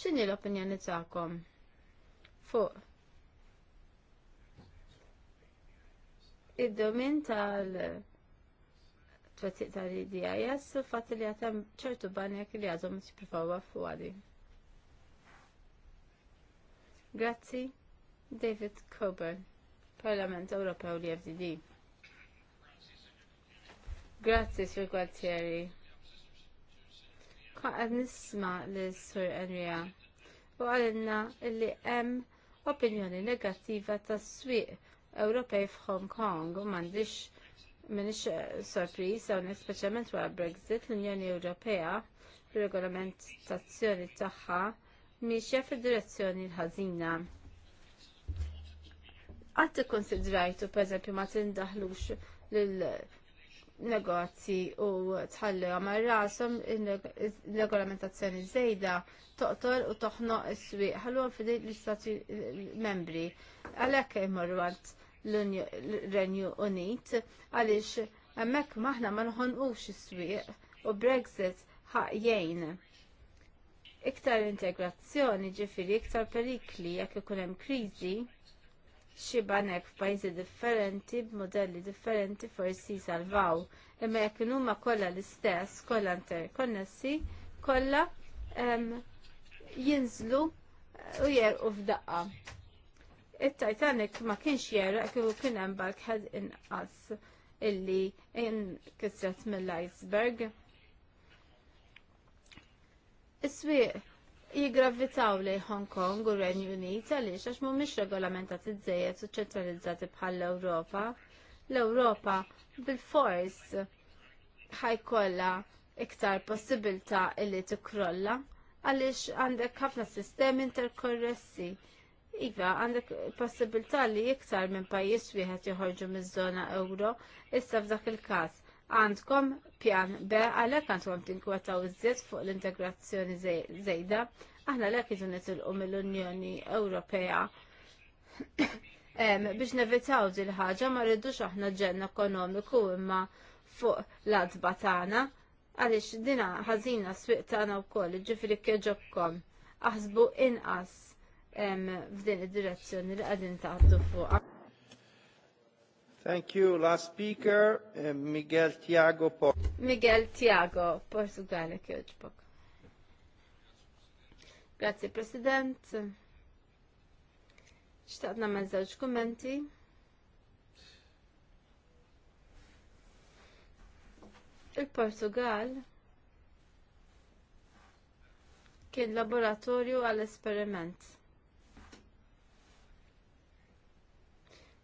X'inhi l-opinjoni tagħkom fuq id-domin tal- twettiq tal-DIS u fatt li għatem ċertu banek li għadhom jippruvaw fuq għadi. Grazzi, David Coburn, Parlament Ewropew li FDD. Grazzi, Sir Gualtieri. Qaqad nisma li Sir Enria u għalinna li hemm opinjoni negattiva tas swieq Ewropej f'Hong Kong u m'għandix minix eh, sorpriż hawn speċjalment wara Brexit l-Unjoni Ewropea ir-regolamentazzjoni tagħha miexja fid-direzzjoni l-ħażina. Għad konsidrajtu pereżempju ma tindaħlux l negozji u tħalli għamar rasom il-regolamentazzjoni żejda toqtor u toħnoq is-swieq ħallu fidi l-istati membri. Għalhekk imorru għand l-Renju Unit għaliex hemmhekk maħna ma nħonqux is-swieq u Brexit ħajjajn iktar integrazzjoni ġifiri iktar perikli jekk ikun hemm kriżi xi banek f'pajjiżi differenti b'modelli differenti forsi salvaw. Imma jekk huma kollha l-istess, kollha interkonnessi, kollha jinżlu u jerqu f'daqqa. It-Titanic ma kienx jeraq kieku kien hemm bulkhead inqas illi inkisret mill-iceberg. Is-swieq jigravitaw li Hong Kong u Renju Unit għaliex għax mhumiex regolamentati żejjed u ċentralizzati bħal l-Ewropa. L-Ewropa bil-fors ħajkolla iktar possibilità illi t-krolla, għaliex għandek ħafna sistemi interkorressi. Iva, għandek possibilità li iktar minn pajjiż wieħed joħorġu miż-żona euro, issa f'dak il-każ għandkom pjan B għalhekk għandkom tinkwetaw żiet fuq l-integrazzjoni żejda. Aħna għalhekk l nitilqu mill-Unjoni Ewropea biex nevitaw dil ħaġa ma rridux aħna ġenn ekonomiku imma fuq l-adba tagħna għaliex dina ħażina swieq tagħna wkoll, ġifieri kieġobkom aħsbu inqas f'din id-direzzjoni li qegħdin taħdu fuqha. Thank you. Last speaker, eh, Miguel Tiago Por Miguel Tiago, Portugal, Kjoġbok. Grazie, President. Xtaqna ma' żewġ Il-Portugal kien laboratorju għall-esperiment.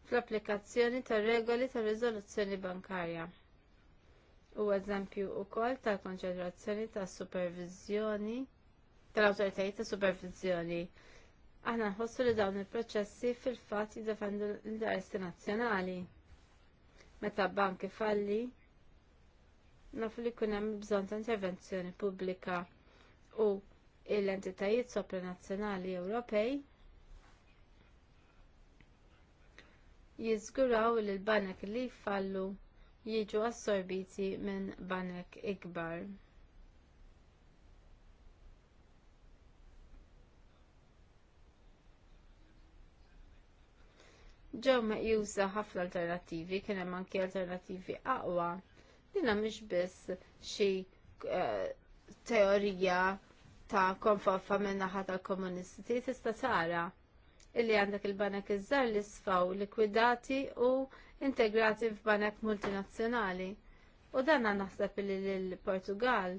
fl-applikazzjoni tar-regoli tar-riżoluzzjoni bankarja. U eżempju wkoll tal-konċentrazzjoni ta' supervizjoni tal-awtoritajiet ta' supervizjoni. Aħna nħossu li dawn il-proċessi fil-fatt jiddefendu l-interessi nazzjonali. Meta banki falli, nafu li jkun hemm bżonn ta' intervenzjoni pubblika u l-entitajiet sopranazzjonali Ewropej jiżguraw li l-banek li jfallu jiġu assorbiti minn banek ikbar. Ġew meqjuża ħafna alternattivi, kien hemm anki alternattivi aqwa. Dina mhix biss xi eh, teorija ta' konfafa minn naħa tal-komunisti tista' tara illi għandek il-banek iż-żar li sfaw likwidati u integrati f'banek multinazzjonali. U dan naħseb li l-Portugal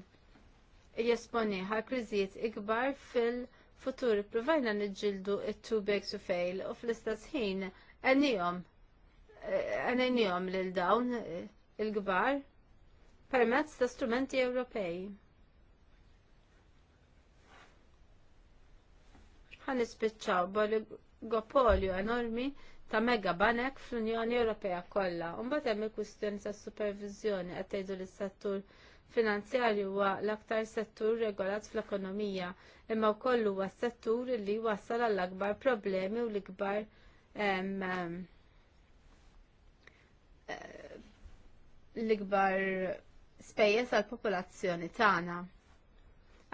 jesponi kriżijiet ikbar fil-futur provajna nġildu it-too big to fail u fl-istess ħin għenijom għenijom lil dawn il-gbar permezz ta' strumenti Ewropej. ħanispiċċaw Gopolju enormi ta' mega banek fl-Unjoni Ewropea kollha. mbagħad hemm il-kwistjoni tas-supervizjoni qed tgħidu li s-settur finanzjarju huwa l-aktar settur regolat fl-ekonomija, imma wkoll huwa settur li wassal għall akbar problemi u l-ikbar l-ikbar spejjeż għall popolazzjoni tagħna.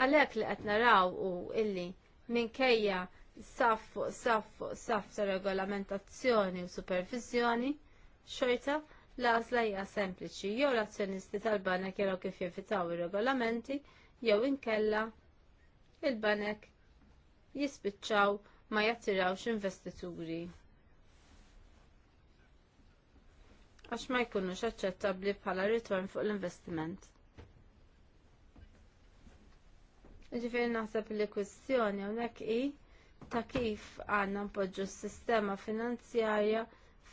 Għalhekk li qed naraw hu illi minkejja saf saf fuq saf ta' regolamentazzjoni u supervizjoni xorta l-għażla hija sempliċi jew l-azzjonisti tal-banek jew kif jevitaw ir-regolamenti jew inkella il-banek jispiċċaw ma jattirawx investituri. għax ma jkunux aċċettabbli bħala ritorn fuq l-investiment. Ġifieri naħseb li kwistjoni hawnhekk hi ta' kif għandna npoġġu s-sistema finanzjarja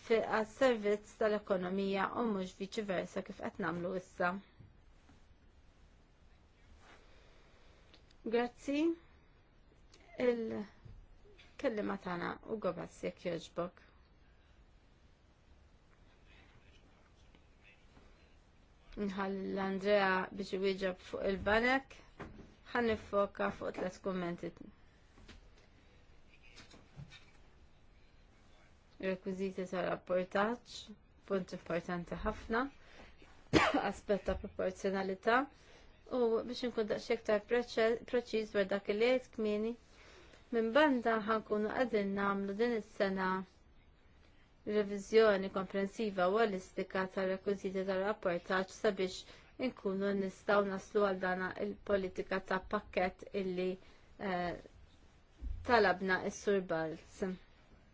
fi għas-servizz tal-ekonomija u mhux viċi versa kif qed nagħmlu issa. Grazzi il-kellima tagħna u gobas jekk jogħġbok. Nħall andrea biex iwieġeb fuq il-banek, ħan nifoka fuq tliet kummenti rekwiziti tal-rapportaġġ, punt importanti ħafna, aspett ta' proporzjonalità u biex nkun daqsxejn aktar preċiż dwar dak li jgħid kmieni minn banda ħankunu qegħdin nagħmlu din is-sena reviżjoni komprensiva u għalistika tal-rekwiziti tal-rapportaġġ sabiex inkunu nistgħu naslu għal dana il-politika ta' pakkett illi eh, talabna is-surbalz. Il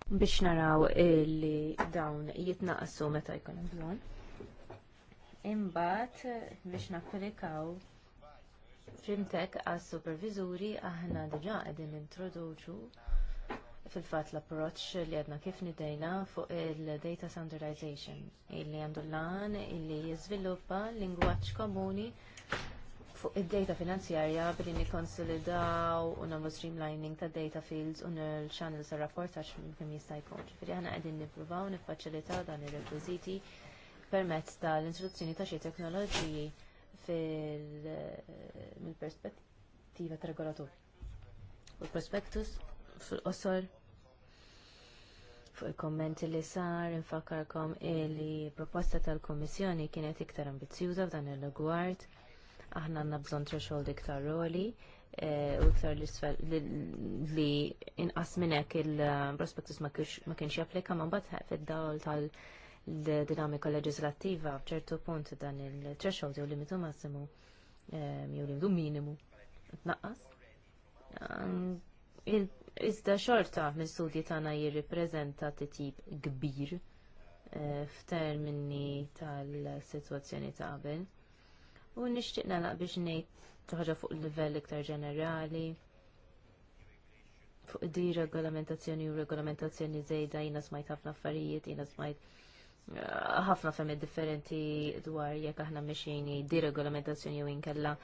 biex naraw li dawn jitnaqsu meta jkun hemm bżonn. Imbagħad biex napplikaw fimtek għas superviżuri aħna diġà qegħdin introduċu fil-fatt l-approċċ li għadna kif nidejna fuq il-data standardization illi għandu l-lan illi jiżviluppa lingwaġġ komuni fuq id-data finanzjarja billi nikkonsolidaw u nagħmlu streamlining ta' data fields u nil channels ta' rapportaġġ minn kemm jista' jkun. Ġifieri aħna qegħdin nippruvaw niffaċilitaw dan ir-rekwiżiti permezz tal-introduzzjoni ta' xi teknoloġiji mill-perspettiva tar regolatur. U prospektus fil-qosor fuq il-kommenti li sar infakkarkom li proposta tal-Kommissjoni kienet iktar ambizzjuża f'dan ir-rigward aħna għandna bżonn threshold iktar roli eh, u iktar li inqas minn hekk il-prospektus ma kienx japplika ma mbagħad fid-dawl tal- dinamika leġislattiva f'ċertu punt dan il-threshold jew limitu massimu eh, jew limitu minimu tnaqqas. Iżda xorta minn studji tagħna jirrippreżenta titjib kbir eh, f'termini tal-sitwazzjoni ta' qabel u nixtieq nagħlaq biex ngħid toħra fuq il-livell iktar ġenerali fuq di regolamentazzjoni u regolamentazzjoni żejda jiena smajt ħafna affarijiet, jiena smajt eh, ħafna femmi differenti dwar jekk aħna mexini di regolamentazzjoni u inkella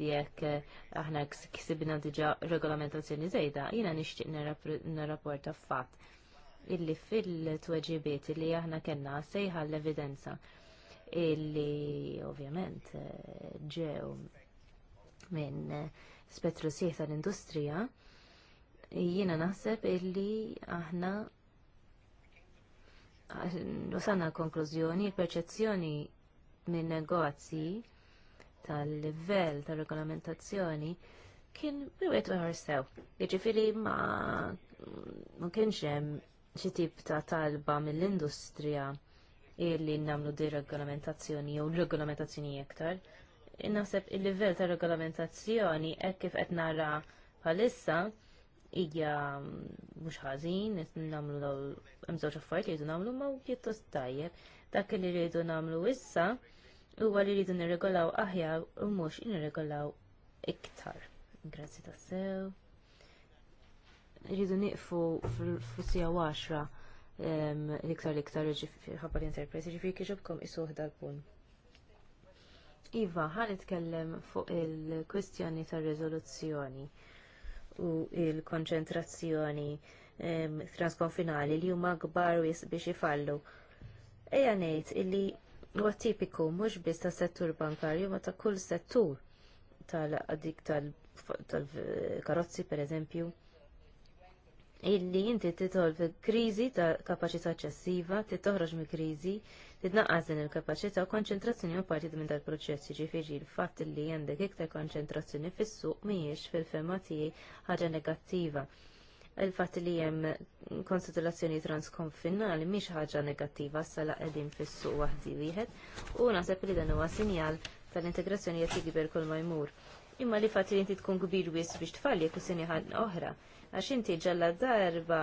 jekk aħna ksibna diġa regolamentazzjoni zejda, jina nixtieq nirrapporta fatt illi fil-tweġibiet li aħna kellna sejħa l-evidenza illi ovvjament eh, ġew minn eh, spettru sieħ tal-industrija, jiena naħseb illi aħna wasalna l-konklużjoni, l perċezzjoni minn negozji tal-livell tal-regolamentazzjoni kien riwet uħar sew. Jiġifieri ma ma kienx hemm xi tip ta' talba mill-industrija illi namlu di regolamentazzjoni u regolamentazzjoni iktar. Naħseb il-livell ta' regolamentazzjoni hekk kif qed nara bħalissa hija mhux ħażin qed nagħmlu daw hemm żewġ affarijiet li jridu nagħmlu ma pjuttost tajjeb. Dak li jridu nagħmlu issa huwa li jridu nirregolaw aħjar u mhux nirregolaw iktar. Grazzi tassew. Jridu niqfu fil-fussija 10 l-iktar iktar interpreti ġifiri kieġobkom isuħ dal-pun. Iva, ħan itkellem fuq il-kwestjoni tar rezoluzzjoni u l konċentrazzjoni transkonfinali li huma kbar biex ifallu. Eja ngħid illi huwa tipiku mhux biss tas settur bankarju ma ta' kull settur tal-dik tal-karozzi pereżempju illi inti fi kriżi ta' kapaċità eċċessiva, titoħroġ minn kriżi, titnaqqas din il-kapaċità u konċentrazzjoni u parti minn tal proċess jiġifieri l-fatt li għandek iktar konċentrazzjoni fis-suq mhijiex fil-fema tiegħi ħaġa negattiva. Il-fatt li hemm konsiderazzjoni transkonfinali mhix ħaġa negattiva sala qegħdin fis-suq waħdi wieħed u naħseb li dan huwa sinjal tal-integrazzjoni qed jikber kull ma jmur imma li fatt li inti tkun kbir wis biex tfalli u sini oħra. Għax inti ġalla darba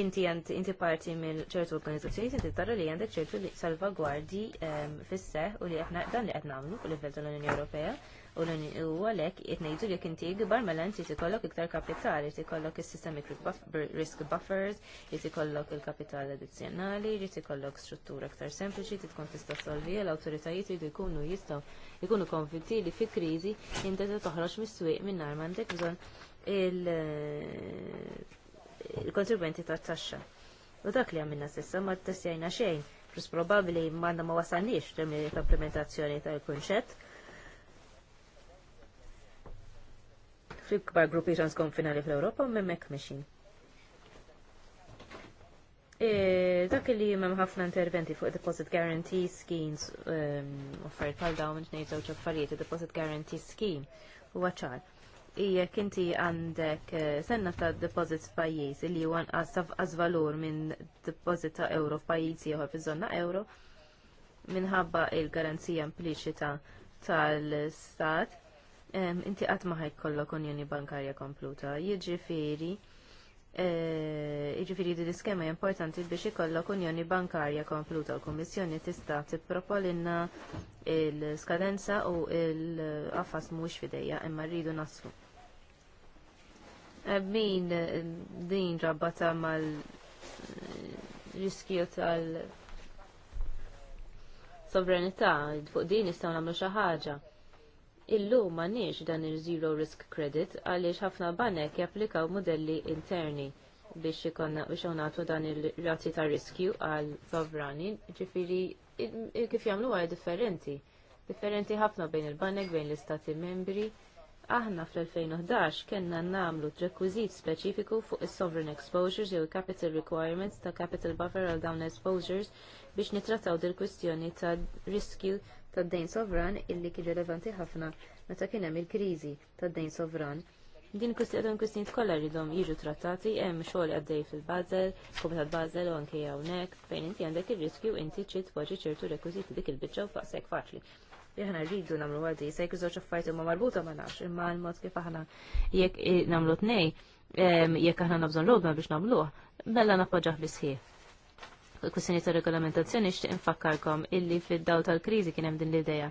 inti inti parti mill ċertu organizzazzjoni inti tara li għandek ċertu salvagwardji ehm, fis seħħ u li dan li qed nagħmlu fuq livell tal-Unjoni Ewropea U l-għalek, jitnejdu li inti gbar mela inti tikollok iktar kapital, jt ikollok il-systemic risk buffers, jt ikollok il-kapital addizjonali, jt ikollok struttura iktar sempliċi, jt tkun tista solvi l-autoritajiet jt jkunu jistaw, jkunu konvinti li fi krizi inti toħroġ mis-swieq minn armandek bżon il-kontribwenti ta' taxxa. U dak li għamilna sissa ma t xejn, plus probabli manna ma wasalniex termini ta' implementazzjoni tal-kunċett fil-kbar gruppi finali fl-Europa u memmek mexin. E, dak li jimem ħafna interventi fuq deposit guarantee schemes offer pal dawn nejt zawċa affarijiet deposit guarantee scheme huwa ċar. Ija inti għandek eh, senna ta' deposit pajjiż li huwa nqas valur minn deposit ta' euro f'pajjiż ieħor fiż-żona euro minħabba il-garanzija impliċita tal-stat inti qatt ma ħajkollok unjoni bankarja kompluta. Jiġifieri e, jiġifieri di iskema importanti biex ikollok unjoni bankarja kompluta u kummissjoni tista' propolinna il-skadenza u l-qafas mhux fidejja imma rridu naslu. Min din rabbata mal-riskju tal- sovranità fuq din nistgħu nagħmlu xi ħaġa. Illum m'għandniex dan il-zero risk credit għaliex ħafna banek japplikaw modelli interni biex ikonna biex nagħtu dan il-razzi ta' riskju għal sovrani, ġifiri kif jamlu għaj differenti. Differenti ħafna bejn il-banek, bejn l-istati membri. Aħna fl-2011 kellna nagħmlu rekwizit speċifiku fuq is-sovereign exposures jew capital requirements ta' capital buffer għal dawn exposures biex nitrataw dil kwistjoni ta' riskju tad-dejn sovran illi kien relevanti ħafna meta kien hemm il-kriżi tad-dejn sovran. Din kustjadon kustjoniet kollha rridhom jiġu trattati hemm xogħol għaddej fil bażel Kumitat bażel u anke hawnhekk fejn inti għandek ir-riskju inti trid tpoġġi ċertu rekwiżiti dik il-biċċa u faqsek faċli. Aħna rridu nagħmlu għaddi se jkun żewġ affarijiet huma marbuta ma nafx, imma l-mod kif aħna jekk nagħmlu tnejn, jekk aħna nabżon logma biex nagħmluh, mela nappoġġah bisħieħ kwestjoni ta' regolamentazzjoni xtieq infakkarkom illi fid-daw tal-kriżi kien hemm din l-idea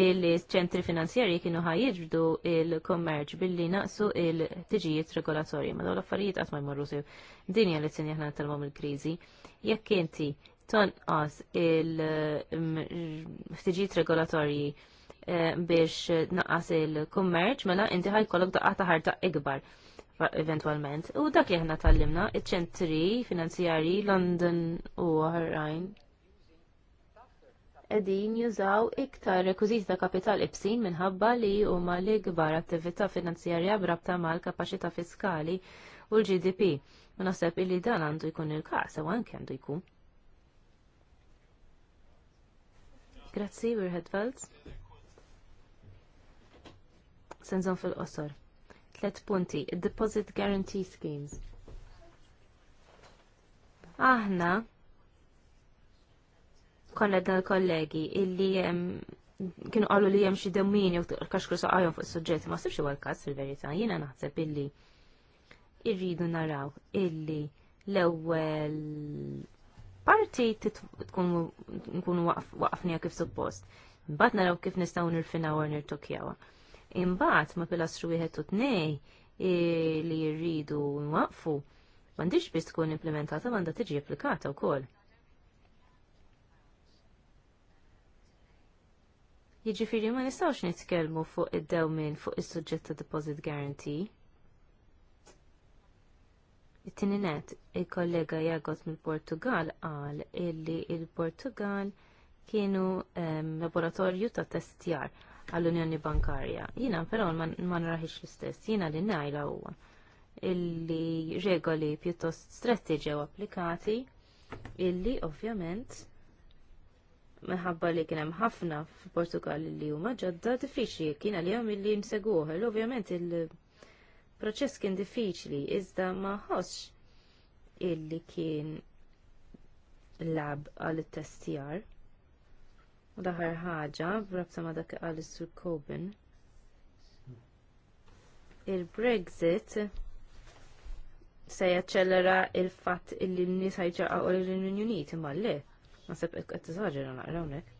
illi ċentri finanzjarji kienu ħajġdu il-kommerċ billi naqsu il-tiġijiet regolatorji. Ma l-affarijiet qatt ma jmorru sew. Din hija ħna tal-mom il-kriżi. Jekk inti tonqas il-tiġijiet regolatorji eh, biex naqas il-kummerċ, mela inti ħajkollok daqqa ta' ħarta ikbar eventualment. U dak li tal-limna, iċ-ċentri finanzjari London u oħrajn edin jużaw iktar rekwiziti ta' kapital ibsin minħabba li huma l-ikbar attività finanzjarja brabta mal-kapaċità fiskali u l-GDP. U naħseb illi dan għandu jkun il-każ u anke għandu jkun. Grazzi, Wirhead Velds. Senżon fil-qosor. Tlet punti, Deposit Guarantee Schemes. Aħna konna dan kollegi illi kienu għallu li jem xie domini u kaxkru saqajom fuq suġġetti ma sibxie għal kas fil-verita, jina naħseb illi irridu naraw illi l-ewel parti tkun nkunu waqfnija kif suppost. Mbagħad naraw kif nistgħu nirfinaw u nirtukjawa. Imbagħad ma' pilastru wieħed u tnej eh, li jirridu nwaqfu m'għandix biss tkun implementata m'għandha tiġi applikata wkoll. Jiġifieri ma nistgħux nitkellmu fuq id-dewmin fuq is-suġġett ta' deposit guarantee. it tininet il-kollega Jagot mill-Portugal qal illi il-Portugal kienu ehm, laboratorju ta' testjar għall-Unjoni Bankarja. Jina, però, ma naraħix l-istess. Jina li najla huwa illi regoli pjuttost stretti ġew applikati illi ovvjament minħabba li kien hemm ħafna fil-Portugal li huma ġodda diffiċli kien għalihom illi nseguh. Ovvjament il-proċess kien diffiċli iżda ma illi kien lab għal it-testijar. U daħar ħaġa, b'rabta ma dak għal Coben. Il-Brexit se jaċċellera il-fatt illi n-nies ħajġaqgħu l-Renju Unit imma le. Naseb qed tiżaġġera naqra hawnhekk.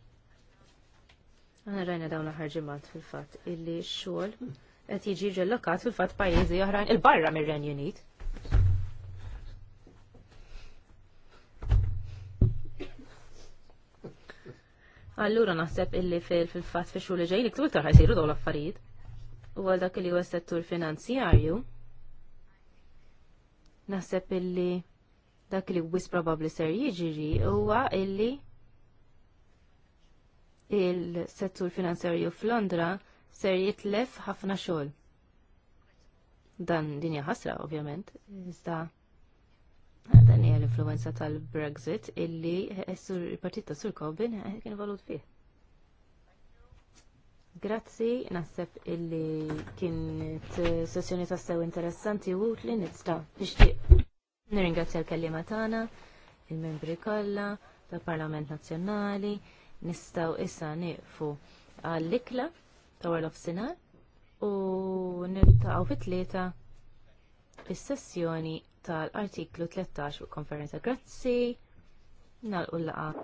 Aħna rajna dawn ħarġimant fil-fatt illi x-xogħol qed jiġi ġellokat fil-fatt pajjiżi oħrajn il-barra mir-Renju Unit. Allura naħseb illi fil-fat fi xhur li ġejjin iktar ħajsiru dawn l-affarijiet. U għal dak li huwa settur finanzjarju, naħseb illi dak li wis probabbli ser jiġri huwa illi il-settur finanzjarju f'Londra ser jitlef ħafna xogħol. Dan dinja ħasra, ovvjament, iżda Dan hija l-influenza tal-Brexit illi il-partit ta' Sur Corbyn kien valut fih. Grazzi, naħseb illi kienet sessjoni ta' sew interessanti u li nista' nixtieq. Nirringrazzja l-kellima tagħna, il-membri kollha tal-Parlament Nazzjonali, nistgħu issa nieqfu għall-ikla ta' World of Sinar u nirtaqgħu fit-tlieta fis-sessjoni tal-artiklu 13 fuq konferenza. Grazzi, nalqu l-laqa.